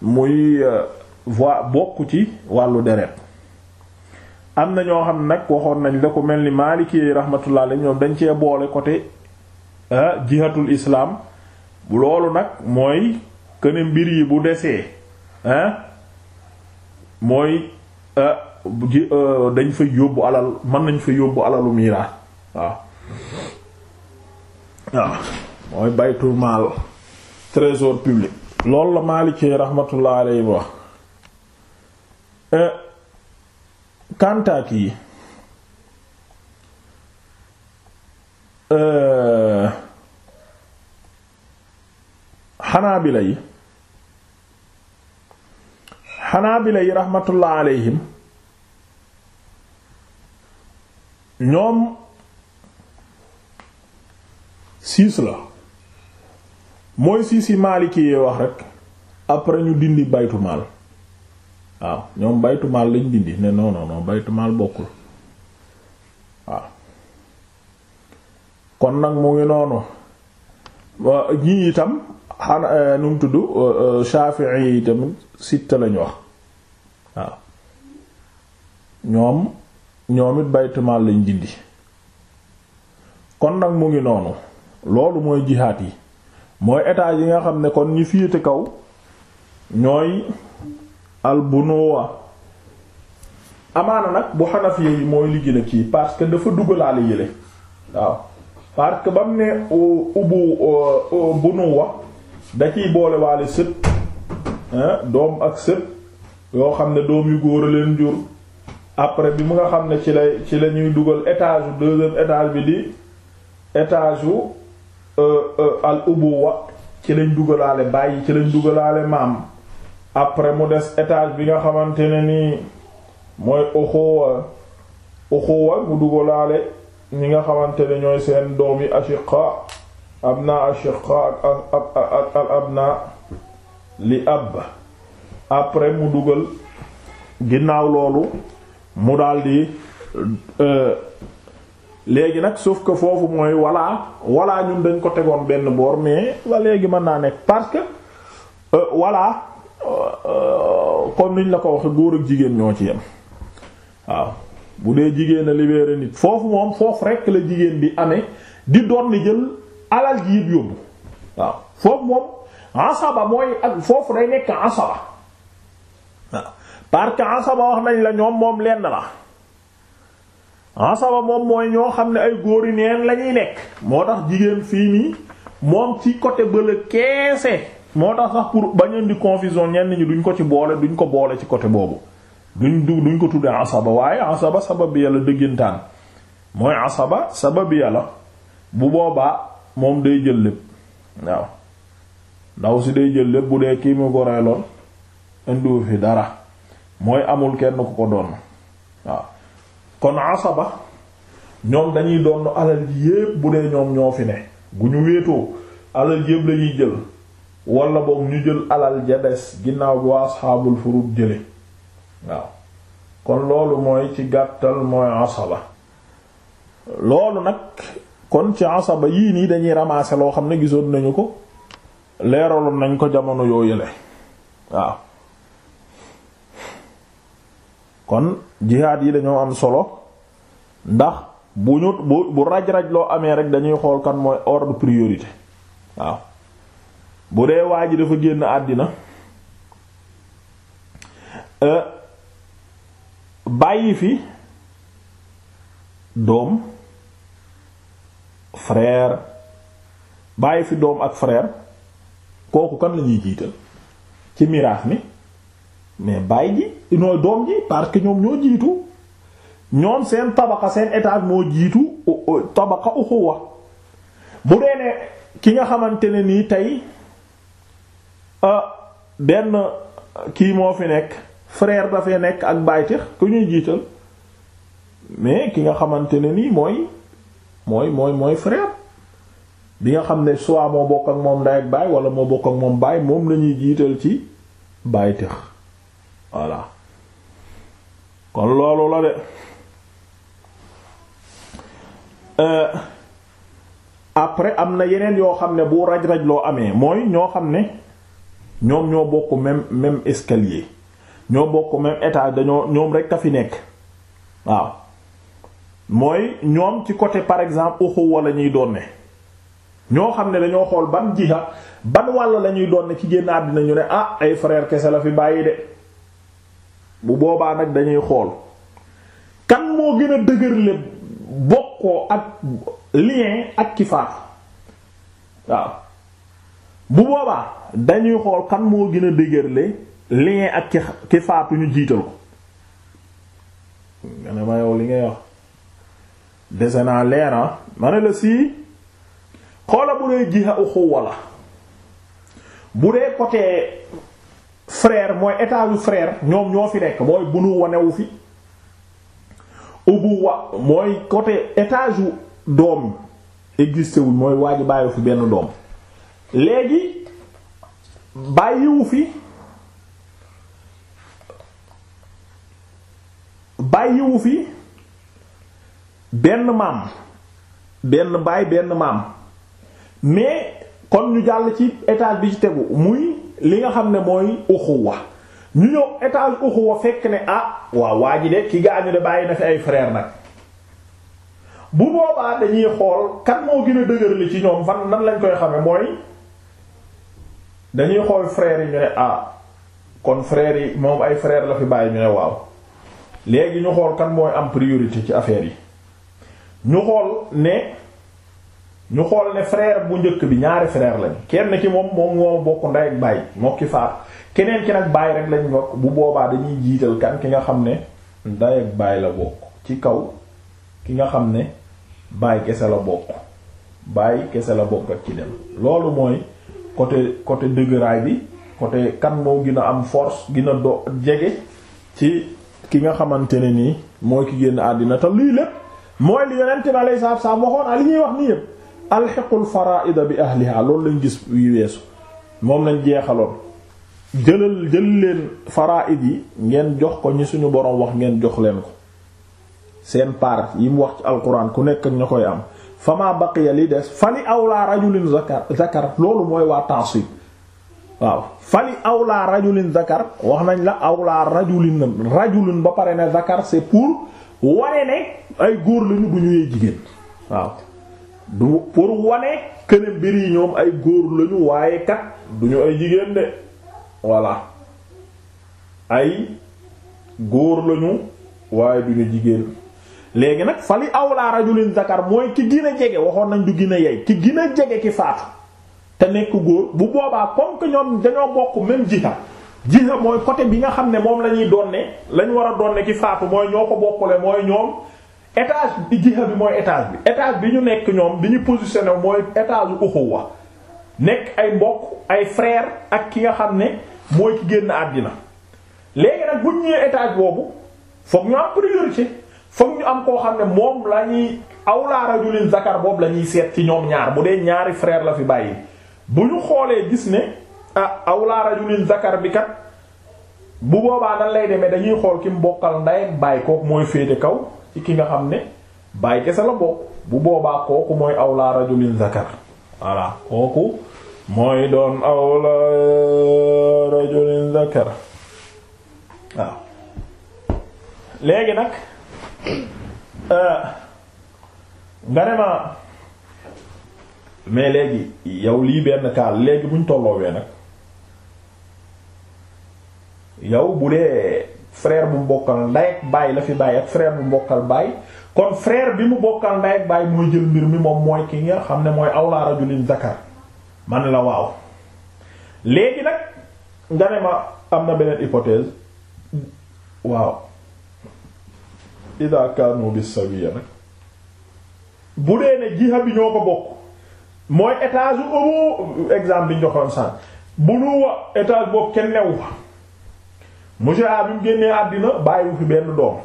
Speaker 1: muy voi bokk ci wàllu deret am na ñoo xam nag waxoon nañ la ko mel ni Maliki yi rahmatullah alayhi dañ cee boole côté ah, jihatul islam loolu nag mooy këne mbir yi bu desee ah, mooy ah, dañ fa yóbbu alal mën nañ fa yóbbu alalu miraas waaw waaw mooy baytul maal trésor public loolu la Maliki rahmatullah alayhi wax eh, kantaak eh, yi xanaabila yi xanaabila yi raxmatullah alayhim ñoom siis la mooy siis yi maaliki yee wax rek après ñu dindi baytu maal waaw ñoom baytumaal lañ dindi ne non non baytumaal bokkul waaw kon nag mu ngi noonu ñii itam xanaa eh, nu tudd eh, eh, Shafi'i yi itam sitta lañ wax waaw ñoom ñoom it baytumaal lañ dindi kon nag mu ngi noonu loolu mooy jihaat yi mooy état yi nga xam ne kon ñi féete kaw ñooy albunuwa amaana nag bu xanafiya yi mooy li gën a parce que dafa dugalaale yële waaw parce que ba mu ne ubu bunuwa da ciy boole waale sët doom ak sët yoo xam ne doom yu góor a leen jur après bi mu nga xam ne ci lay ci la ñuy dugal étage u deuxième étage bi di étage u euh, euh, al ubuwa ci lañ dugalaale bàyyi ci lañ dugalaale maam après mu des étage bi nga xamante ne nii mooy uxuwa uxuwa mu dugalaale ñi nga xamante ne ñooy seen doom yi ashiqa abna ashiqa ak ak al abna li ab après mu dugal ginnaaw loolu mu daldi euh, léegi nag suuf ko foofu mooy walla walla ñun dañ ko tegoon benn boor mais la léegi mën naa nekk parce que euh, comme niñ la ko waxe góor ak jigéen ñoo ci yem waaw bu dee jigéen a libéré nit foofu moom foofu rekk la jigéen bi amee di doon ni jël alal ji yëpp yóbbu waaw foofu moom asaba mooy ak foofu day nekk asaba waaw parce que wax nañ la ñoom moom lenn la asaba moom mooy ñoo xam ne ay góori neen lañuy nekk moo tax jigéen fii nii moom ci côté bële keese moo tax sax pour bañ di confusion ñenn ñi duñ ko ci boole duñ ko boole ci côté boobu duñ du duñ ko tuddee asaba waaye asaba sabab yàlla dëggantaan mooy asaba sabab la bu boobaa moom day jël lépp waaw ndaw si day jël lépp bu dee kii mu goreeloon indiwu fi dara mooy amul kenn ku ko doon waaw kon asaba ñoom dañuy doon alal yépp bu dee ñoom ñoo fi ne gu ñu wéetoo alal yépp lañuy jël wala boog ñu jël alal ja des ginnaaw bi waa asxaabul furud jële waaw kon loolu mooy ci gàttal mooy asaba loolu nag kon ci asaba yii nii dañuy ramasser loo xam ne gisoon nañu ko leeraloon nañ ko jamono yoo yële waaw kon jihaad yi dañoo am solo ndax bu ñu bu bu raj-raj loo amee rek dañuy xool kan mooy ordre priorité waaw bu dee waa ji dafa génn àddina euh, bàyyi fi doom frère bàyyi fi doom ak frère kooku kan la ñuy jiital ci miraas mi mais bàyyi ji nooy doom ji parce que ñoom ñoo jiitu ñoom seen tabaka seen étage moo jiitu tabaka uxuwa bu dee ne ki nga xamante ne nii tey Ah, benn kii moo fi nekk frère dafay nekk ak bàytix ku ñuy jiital mais ki nga xamante ne nii mooy mooy mooy mooy frère bi nga xam ne soit moo bokk ak moom nday ak baay wala moo bokk ak moom baay moom lañuy jiital ci bàytix voilà kon loolu la de euh, après am na yeneen yoo xam ne bu raj-raj loo amee mooy ñoo xam ne ñoom ñoo bokk même même escalier ñoo bokk même étage dañoo ñoom rek a fi nekk waaw mooy ñoom ci côté par exemple uxuwa la ñuy doon ne ñoo xam ne dañoo xool ban jiha ban wàll lañuy doon ne ci génn àddina ñu ne ah ay frair kese la fi bàyyi de bu boobaa nag dañuy xool kan moo gën a dëgërle bokkoo ak lien ak ki faatu waaw bu boobaa dañuy xool kan moo gën a dëgërle lien ak ki ki faatu ñu jiital ko nga ne ma yow li ngay wax dese naa leera ah. ma la si xoola bu dee jiha uxuwa la bu dee côté frère mooy état yu ñoom ñoo fi nekk mooy bunu wanewu fi ubu wa mooy côté étage doom existé wul mooy waa bàyyi fi benn doom léegi bàyyiwu fi bàyyiwu fi benn maam benn baay benn maam mais kon ñu jàll ci étage bi ci tegu muy li nga xam ne mooy uxuwa ñu ñëw étage uxuwa fekk ne ah waaw waa ji de ki gaañu de bàyyi na fi ay frère nag bu boobaa dañuy xool kan moo gën a dëgër ci ñoom fan nan lañ koy xame mooy dañuy xool frère yi ñu ne ah, kon frère yi moom ay frère la fi bàyyi ñu waaw léegi ñu xool kan mooy am priorité ci affaire yi ñu xool ne ñu xool ne frère bu njëkk bi ñaari frère lañ kenn ci moom moom moo bokk ndey ak baay moo faat keneen ki nag baay rek lañ bokk bu boobaa dañuy jiital kan ki nga xam ne ndey ak baay la bokk ci kaw ki nga xam ne baay kese la bokk bàyyi kese la bokk ak ci dem loolu mooy côté côté dëgëraay bi côté kan moo gën a am force gën a do jege ci ki nga xamante ne nii mooy ki génn àddina te lii lépp mooy li yonente bi alayhi waxoon ak li ñuy wax yëpp alxiqul faraida bi ahliha loolu lañ gis yu weesu moom lañ jeexaloon jëlal jël leen faraid yi ngeen jox ko ñi suñu boroom wax ngeen jox leen ko seen part yi mu wax ci alquran ku nekk ak ña koy am fama baqiya li des fali awla rajulin zakar zakar loolu mooy waa tansib waaw fa fali awla rajulin zakar wax nañ la awla rajulin rajulin ba pare ne zakar c'est pour wane ne ay góor lañu du ñuy jigéen waaw du pour wane que ne yi ñoom ay góor lañu waaye kat du ñu ay jigéen de voilà ay góor lañu waaye du ñu jigéen. léegi nag fali awlaa rajulin zakar mooy ki gën a jege waxoon nañ du gën a yey ki gën a jege ki faatu te nekk góor bu boobaa comme que ñoom dañoo bokk même jiha jiha mooy côté bi nga xam ne moom la ñuy donne lañ war a donne ki faatu mooy ñoo ko bokkule mooy ñoom étage bi jiha bi mooy étage bi étage bi ñu nekk ñoom bi ñu positionné mooy étage uxuwa nekk ay mbokk ay frère ak ki nga xam ne mooy ki génn àddina léegi nag buñ ñëwee étage boobu fokk ñu am priorité foog ñu am koo xam ne moom la ñuy awlaa rajulin zakar boobu lañuy seet ci ñoom ñaar bu dee ñaari frère la fi bàyyi bu ñu xoolee gis ne ah awlaa rajulin zakar bi kat bu boobaa nan lay deme dañuy xool ki mu bokkal nday bàyyi kooku mooy féete kaw ci ki nga xam ne bàyyi kese la bokk bu boobaa kooku mooy awlaa rajulin zakar voilà kooku mooy doon awlaa rajulin zakar waaw léegi nag nga ne ma mais léegi yow lii benn kaal léegi buñ tolloowee nag yow bu dee frère bu mbokkal nday ak baay la fi bàyyi ak frère bu mbokkal baay kon frère bi mu bokkal nday ak baay mooy jël mbir mi moom mooy ki nga xam ne mooy awlaa rajulin zakar man la waaw léegi nag nga ne ma am na beneen hypothèse waaw ida kaanu bis sawiya nag bu dee ne jiha bi ñoo ko bokk mooy étage homo exemple bi ñu joxoon sànq bu nu wa étage boobu kenn newu fa monsieur A bi mu génnee àddina bàyyiwu fi benn doom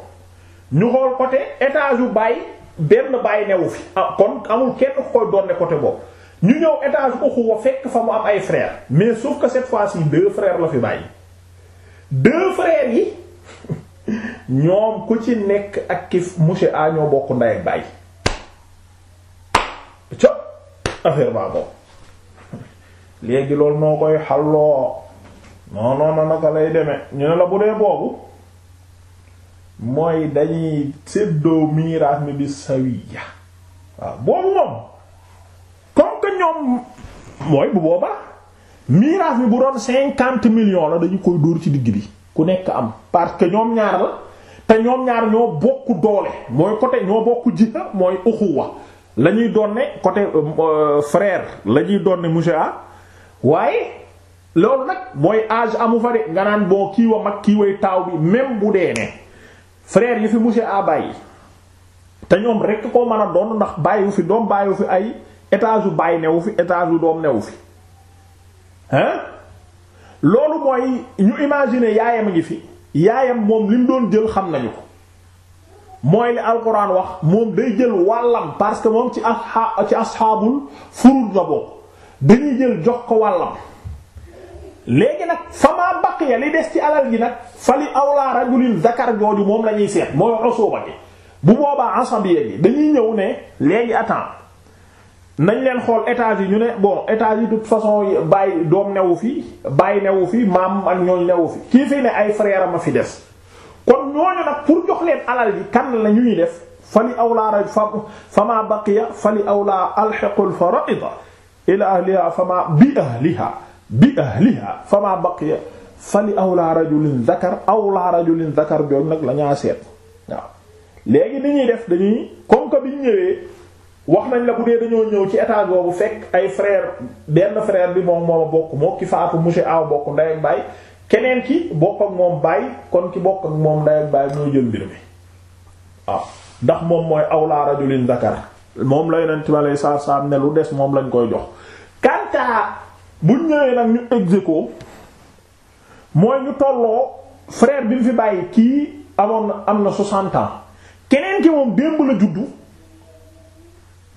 Speaker 1: ñu xool côté étage yu bàyyi benn bàyyi newu fi ah, kon amul kenn ku koy doon ne côté boobu ñu ñëw étage uxuwa fekk fa mu am ay frères mais sauf que cette fois-ci deux frères la fi bàyyi deux frères yi ñoom ku ci nekk ak ki monsieur A bokk ndey ak baay ca baa bokk léegi loolu noo koy xalloo non non non naka lay demee ñu ne la bu dee boobu mooy dañuy séddoo miraas mi bi sawiya waaw boobu moom comme que ñoom mooy bu boobaa miraas mi bu doon cinquante millions la dañu koy dóor ci digg bi ku nekk am parce que ñoom ñaar te ñoom ñaar ñoo bokk doole mooy côté ñoo bokk jiha mooy uxuwa la ñuy donne côté euh, frère la ñuy donne monsieur A waaye loolu nag mooy âge amu fa de nga naan boo kiiwa mag kiiway taaw bi même bu dee ne frère yi fi monsieur A bàyyi te ñoom rekk koo mën a doon ndax bàyyiwu fi doom bàyyiwu fi ay étage u bàyyi newu fi étage u doom newu fi hein loolu mooy ñu imaginer yaayam ngi fi yaayam moom li mu doon jël xam nañu ko mooy li alquran wax moom day jël wàllam parce que moom ci asxa ci asxaabul furud la bokk dañuy jël jox ko wàllam léegi nag famaa baqiya li des ci alal yi nag fali awla rajulin zakar jooju moom la ñuy seet mooy osooba gi bu boobaa asabiya yi dañuy ñëw ne léegi attends nañ leen xool étage yi ñu ne bon étage yi façon bàyyi doom newu fi bàyyi newu fii maam ak ñooñ newu fi kii fi ne ay frère ma fi des kon ñooñu nag pour jox leen alal yi kan la ñuy def fa awlaa raj fama baqiya fa awlaa alxiqul faraida ila ahliha fama bi ahliha bi ahliha fama baqiya fali awlaa rajulin zakar awlaa rajulin zakar jooj nag la seet waaw léegi ni ñuy def dañuy comme que biñ ñëwee wax nañ la bu dee dañoo ñëw ci état boobu fekk ay frère benn frair bi moom moo bokk moo ki faatu monsieur aw bokk ndey ak baay keneen ki bokk ak moom baay kon ki bokk ak moom ndey ak baay jël mbir mi ndax moom mooy awla rajulin dakar moom la yonent ma lay saar saar ne lu des moom lañ koy jox kantaa bu ñëwee nag ñu exéco mooy ñu tolloo frère bi mu fi bàyyi kii amoon am na soixante ans keneen ki moom démb la juddu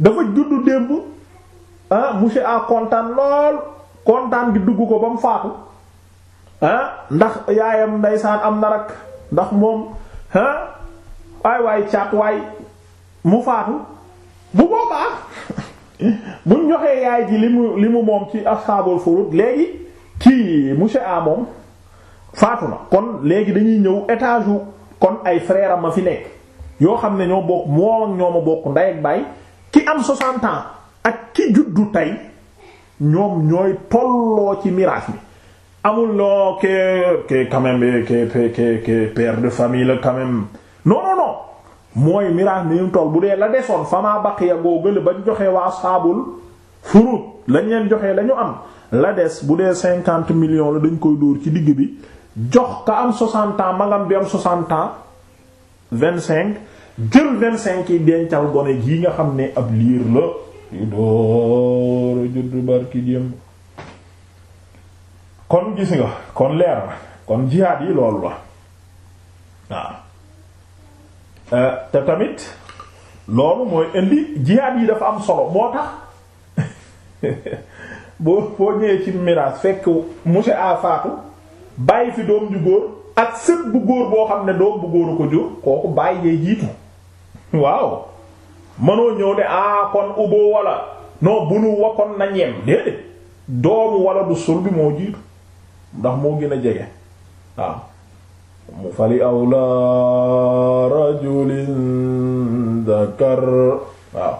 Speaker 1: dafa juddu démb ah monsieur a kontaan lool kontaan gi dugg ko ba mu faatu ah, ndax yaayam ndeysaan am na rak ndax moom ah waay waay waay mu faatu bu boobaa buñ joxee yaay ji li mu li mu moom ci ashabul furud léegi ci monsieur a moom faatu na kon léegi dañuy ñëw étage kon ay frère am fi nekk yoo xam ne ñoo bokk moo ak ñoo ma bokk ndey ak baay ki am 60 ans ak ki juddu tey ñoom ñooy tolloo ci miraas mi amul loo que que quand même que que que de famille la quand même mooy miraas mi ñu toll bu dee la desoon famaa baqiya googu la ñu joxee waa saabul furut lañ leen joxee la am la des bu dee cinquante million la dañ koy dóor ci digg bi jox ka am 60 ans magam bi am 60 ans jël vingt cinq yi dencal gone jii nga xam ne ab liir la yu dooru juddu barki jéem kon gis nga kon leer na kon jihaad yi loolu la waaw euh, te tamit loolu mooy indi jihaad yi dafa am solo moo tax boo boo ñëwee ci miraas fekk monsieur a faatu bàyyi fi doom ju góor ak sët bu góor boo xam ne doom bu góor ko jur kooku bàyyi yee jiitu waaw mënoo ñëw ne a ah, kon ubboo wala non bu nu wakkoon nañ yem déedéet doomu wala du sul bi moo jiitu ndax moo gën a jege waaw mu fali awla rajulin dakar waaw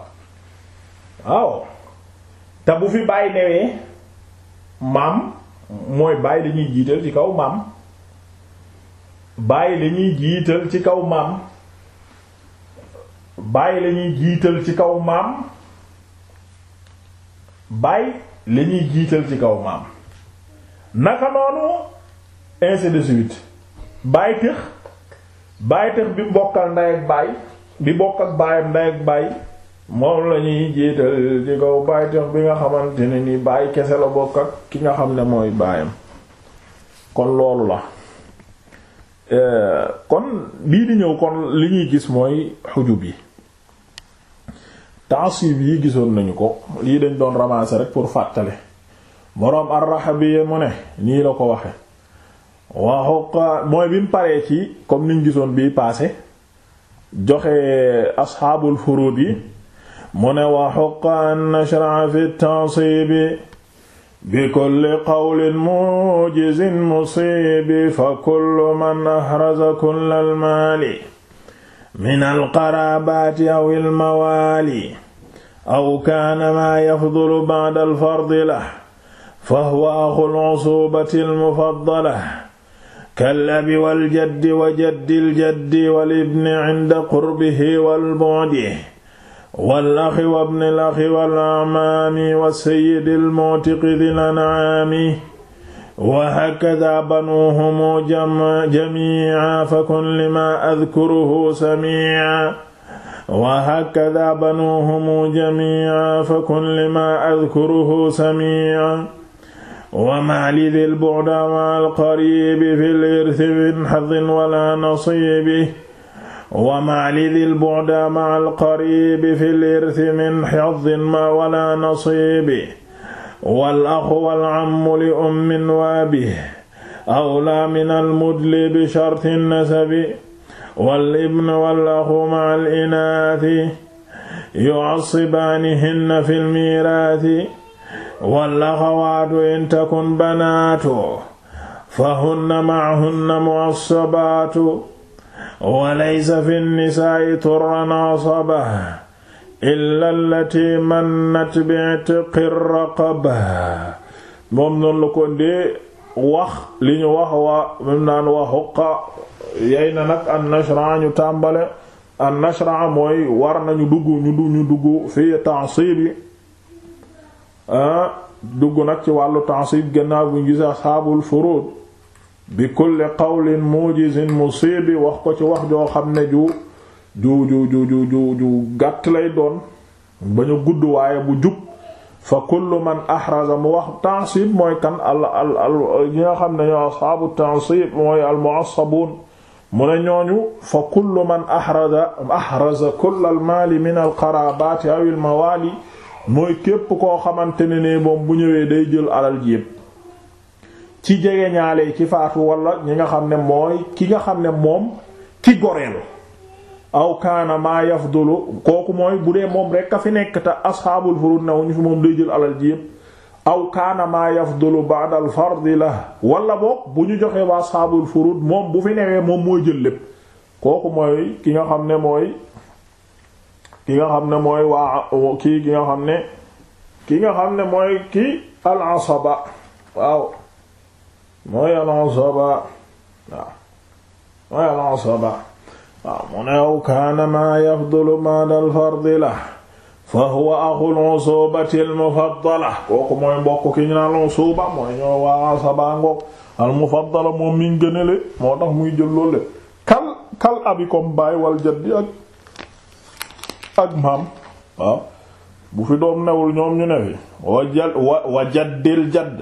Speaker 1: waaw te bu fi bàyyi newee maam mooy bàyyi dañuy jiital ci kaw maam bàyyi dañuy jiital ci kaw maam bàyyi la ñuy jiital ci kaw maam bàyyi la ñuy jiital ci kaw maam naka noonu ainsi bàyyi tëx bi bokkal ndey ak bàyyi bi bokk ak baayam ndey ak bàyyi moom la ñuy jiital ci kaw bàyyi tëx bi nga xamante ne ni bàyyi kese la bokk ak ki nga xam ne mooy baayam kon loolu la eh, kon bii di ñëw kon li ñuy gis mooy xujub yi taasib yi gisoon nañu ko lii dañ doon ramasser rek pour fàttale boroom ar-Rahbi mu ne nii la ko waxe waxuqa mooy bi mu paree ci comme niñ gisoon bii passé joxe asxaabul furuud yi mu ne waxuqa an nashra'a fi taasibi bi kulli qawlin mujizin musibi fa kullu man ahraza kullal maali min alqarabaati aw ilmawaali aw kaana maa yafdulu ba'da alfardi lah fa huwa axu alcusuubati almufaddala kallabi waljaddi wa jaddi aljaddi walibni cinda qurbihi walbu'di wallaxi wabni laxi walamaami wasayidi almuctiqi dil anaami wa hakadha banuhum jamii'an fakun lima adhkuruhu samii'an wa hakadha banuhum jamii'an fakun lima adhkuruhu samii'an wa ma li dhil bu'di wal qaribi fil irthi min hadhin wala nasibi wa ma li dhil bu'di wal qaribi fil irthi min hadhin wala nasibi wal axu wal ammu li ummin wa abihi awlaa min al mudli bi sharti nasabi wal ibnu wal axu ma al inaati yu'assibaanihinna fil miiraati wal axawaatu in takun banaatu fahunna ma'ahunna mu'assabaatu wa laysa fi nnisaa'i turran asaba illa allati mannat bi itqi raqaba moom noon la ko ndee wax li ñu wax wa mêm naan wa xuqa yey na nag an nashra ñu tàmbale an nashra mooy war nañu dugg ñu du ñu dugg fi ta'sib ah, dugg nag ci wàllu ta'sib gannaaw bu ñu gis asxaabul furud bi kulli qawlin mujizin musib wax ko ci wax joo xam ne ju ju ju ju ju ju ju gàtt lay doon ba ñu gudd waaye bu jub fa kullu man ahraza mu wax tansib mooy kan al al al ñi nga xam ne ñoo asxaabu tansib mooy al mu'assabun mu ne ñooñu fa kullu man ahraza ahraza kull al maali min al qarabaati mawaali mooy képp koo xamante ne ne moom bu ñëwee day jël alal ji ci jege ñaale ci faatu wala ñi nga xam ne mooy ki nga xam ne moom ki goreel aw kaana maa yafdulu kooku mooy bu dee moom rek a fi nekk te asxaabul furud ne wuñu fi moom day jël alal ji yépp aw kaana maa yafdulu ba'da al fard la wala boog bu ñu joxee ba asxaabul furud moom bu fi newee moom mooy jël lépp kooku mooy ki nga xam ne mooy ki nga xam ne mooy waa kii ki nga xam ne ki nga xam ne mooy ki al asaba waaw mooy al asaba waaw mooy al asaba waaw mu ne aw kaana maa yafdulu maanal fardi fa huwa axul usubati almufaddala kooku mooy mbokk ki ñu naan usuba mooy ñoo waa asaba ngoog almufaddala moom miñ gënale moo tax muy jël loolu kal kal abi comme baay wal jaddi ak maam bu fi doom newul ñoom ñu ne fi wa jaddil jadd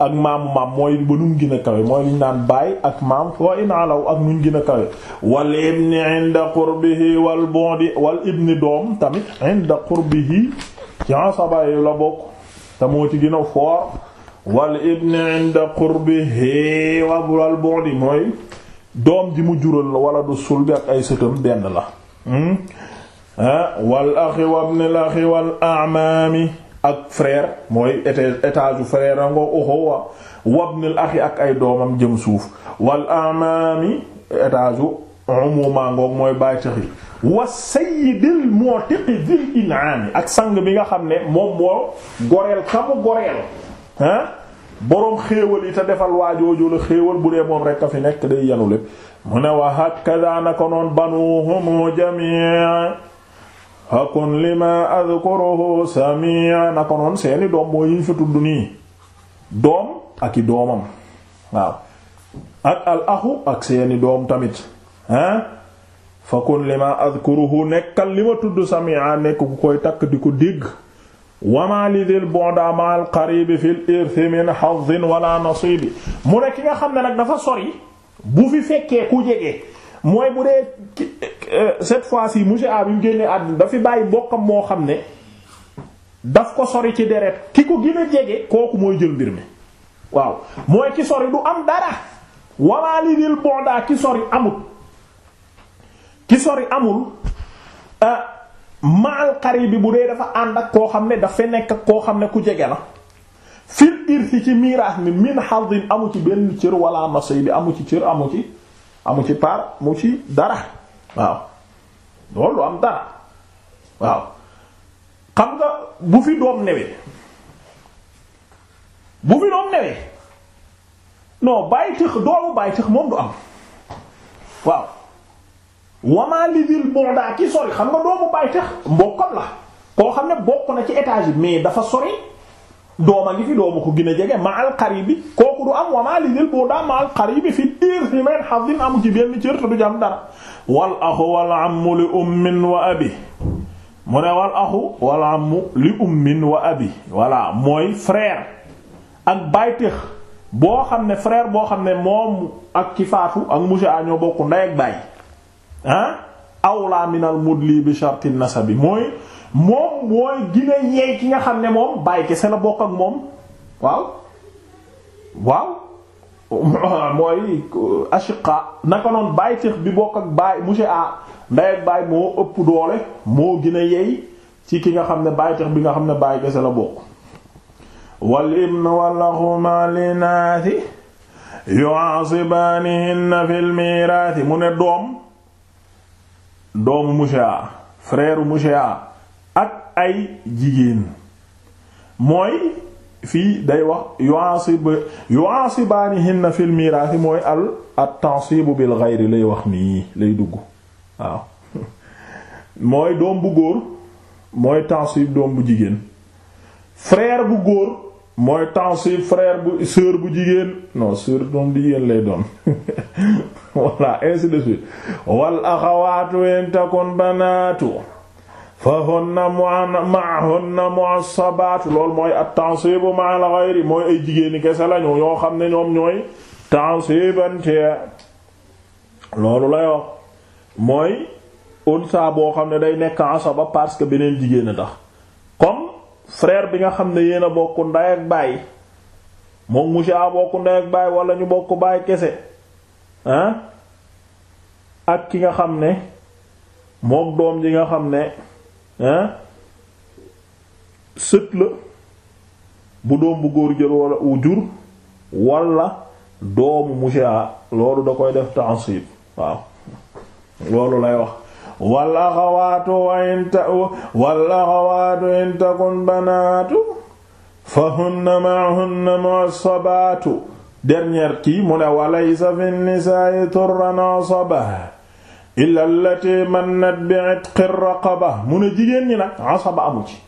Speaker 1: ak maamu maam mooy ba nu mu gën a kawe mooy li ñu naan baay ak maam wa in alaw ak nu ñu gën kawe wal ibni wal ibni doom tamit inda qurbihi ci asaba wal ibni inda qurbihi wal bondi mooy doom ji mu jural la wala du sul bi ak ay sëtam benn la hmm? wal axi wabni al axi wal amaami ak frère mooy étage u frère a ngo uxuwa wabnil ak ay doomam jëm suuf wal amami étage u umuma ngoog mooy bày taxi wa sayyidil mu'tiqi dil in'am ak sang bi nga xam ne moom boo goreel xamu goreel ah boroom xéewal yi defal waajooju la xéewal bu dee moom rekk a fi nekk day yanu lépp mu ne wa hakadha nako noon banuhum jami'a hakun lima adkuruhu samia naka noon seeni doom mooy yiñ fa tudd doom ak i doomam waaw ak al axu ak seeni doom tamit hein fakun lima adkuruhu nekkal li ma tudd samia nekk ku koy takk di ko dégg wama li dil bonda ma al qaribi fil irthi min hazzin wala nasibi mu ne ki nga xam ne nag dafa sori bu fi fekkee ku jege mooy bu dee euh, cette fois-ci monsieur A bi mu génnee àdduna dafi bàyyi bokkam moo xam ne daf ko sori ci deret ki ko gin a jege kooku mooy jël mbir mi waaw mooy ki sori du am dara walaa li dil bondaa ki sori amul ki sori amul euh, maal xari bi bu dee dafa ànd ak koo xam ne dafa nekk ak koo xam ne ku jege la fil irsi ci miraas mi min xaldin amu ci benn cër wala nasib bi amu ci cër amu ci amu ci paar mu ci dara waaw loolu am dara waaw xam nga bu fi doom newee bu fi doom newee non bàyyi tëx doomu bàyyi tëx moom du am waaw wamaa lidil bon daa ki sori xam nga doomu bàyyi tëx mbokkam la koo xam ne bokk na ci étage yi mais dafa sori doom a ngi fi doomu ko gën a jege ma al qaribi kooku du am wamaa ma al qaribi fi dirhimain hazin amu ci benn cër te du jam dara wal axu wal ammu li ummin wa abi mu ne wal axu wal ammu li ummin wa abi voilà mooy frère ak baytix boo xam ne frère boo xam ne moom ak ci faatu ak monsieur a ñoo bokk ndey ak baay ah awla minal mudli bi sharti nasabi mooy moom mooy gina yeey ki nga xam ne moom bàyyi kese la bokk ak moom waaw waaw mooy ashiqa naka noonu bàyyi tex bi bokk ak bàyyi monsieur a ndey ak bàyyi moo ëpp doole moo gina yeey ci ki nga xam ne bàyyi tex bi nga xam ne bàyyi kese la bokk wal ibn wal axuma li naati yu'asibaanihinna fil mu ne doom doomu monsieur a frère monsieur a ay jigéen mooy fii day wax yu'asib yu'asibaanihinna fil miraasi mooy al at-ta'sibu bil ghayri lay wax nii lay dugg waaw mooy doom bu góor mooy ta'sib doom bu jigéen frère bu góor mooy ta'sib bu sœur bu jigéen non sœur doom jigéen lay doon voilà ainsi de suite wal axawaatu in takun banaatu fa hunna ma'hunna mu'assabaat loolu mooy at-ta'sibu ma'a al-ghayri mooy ay jigéeni kese lañu yoo xam ne ñoom ñooy ta'sibante loolu la yoo mooy unsa boo xam ne day nekk ba parce que beneen jigéen a tax comme frère bi nga xam ne yéen a bokk nday ak baay moom monsieur a bokk nday ak baay wala ñu bokk baay kese ah ak ki nga xam ne mook doom ji nga xam ne hein sët bu doom bu góor jël wala u jur wala doomu musa loolu da koy def tansib waaw loolu lay wax wala xawaatu wa inta wala xawaatu intakun banaatu fa hunna ma'hunna mu'asabaatu dernier kii mu ne walaysa fi nisaa turran asaba illa allati mannat bi itqir raqaba mu ne jigéen ñi nag asaba amu ci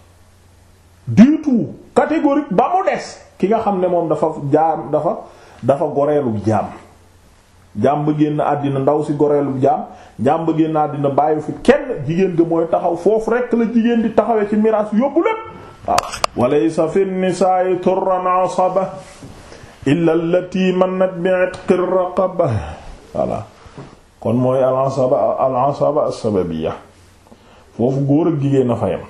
Speaker 1: du tout catégorique ba mu des ki nga xam ne moom dafa jaam dafa dafa goreelub jaam jaam ba génn àddina ndaw si goreelub jaam jaam ba génn àddina bàyyi fi kenn jigéen ga mooy taxaw foofu rekk la jigéen di taxawee ci miraas yóbbu lépp waaw walaysa fi nisaa'i turran asaba illa allati mannat kon mooy al-asaba al-asaba as-sababiyya foofu góor ak jigéen a fa yem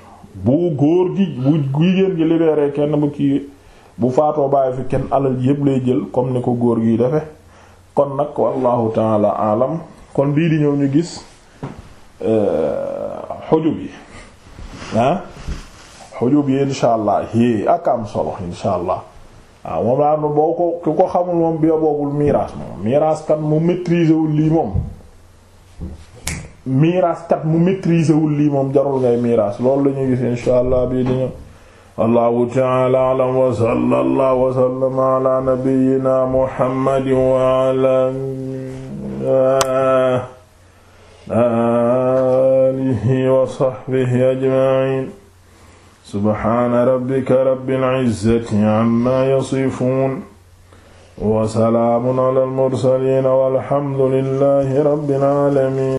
Speaker 1: bu góor gi bu jigéen gi libéré kenn bu kii bu faatoo bàyyi fi kenn alal yépp lay jël comme ni ko góor gi defe kon nag wallahu taala alam kon bii di ñëw ñu gis euh, xujub yi ah xujub yi insha allah yi ak am solo insha allah waaw ah, moom laa am boo ko ku ko xamul moom bi boobul miraas moom miraas kan mu maîtriser wul lii moom miiraas kat mu maîtriser wul lii moom jarul ngay miiraas loolu la ñuy gis insha allah bii di ñëw allahu ta'ala a'lam wa sallallahu wa sallama ala nabiyyina muhammadin wa ala alihi wa sahbihi ajma'in subhana rabbika rabbil izzati amma yasifun wa salaamun ala al mursalin walhamdulillahi rabbil alamin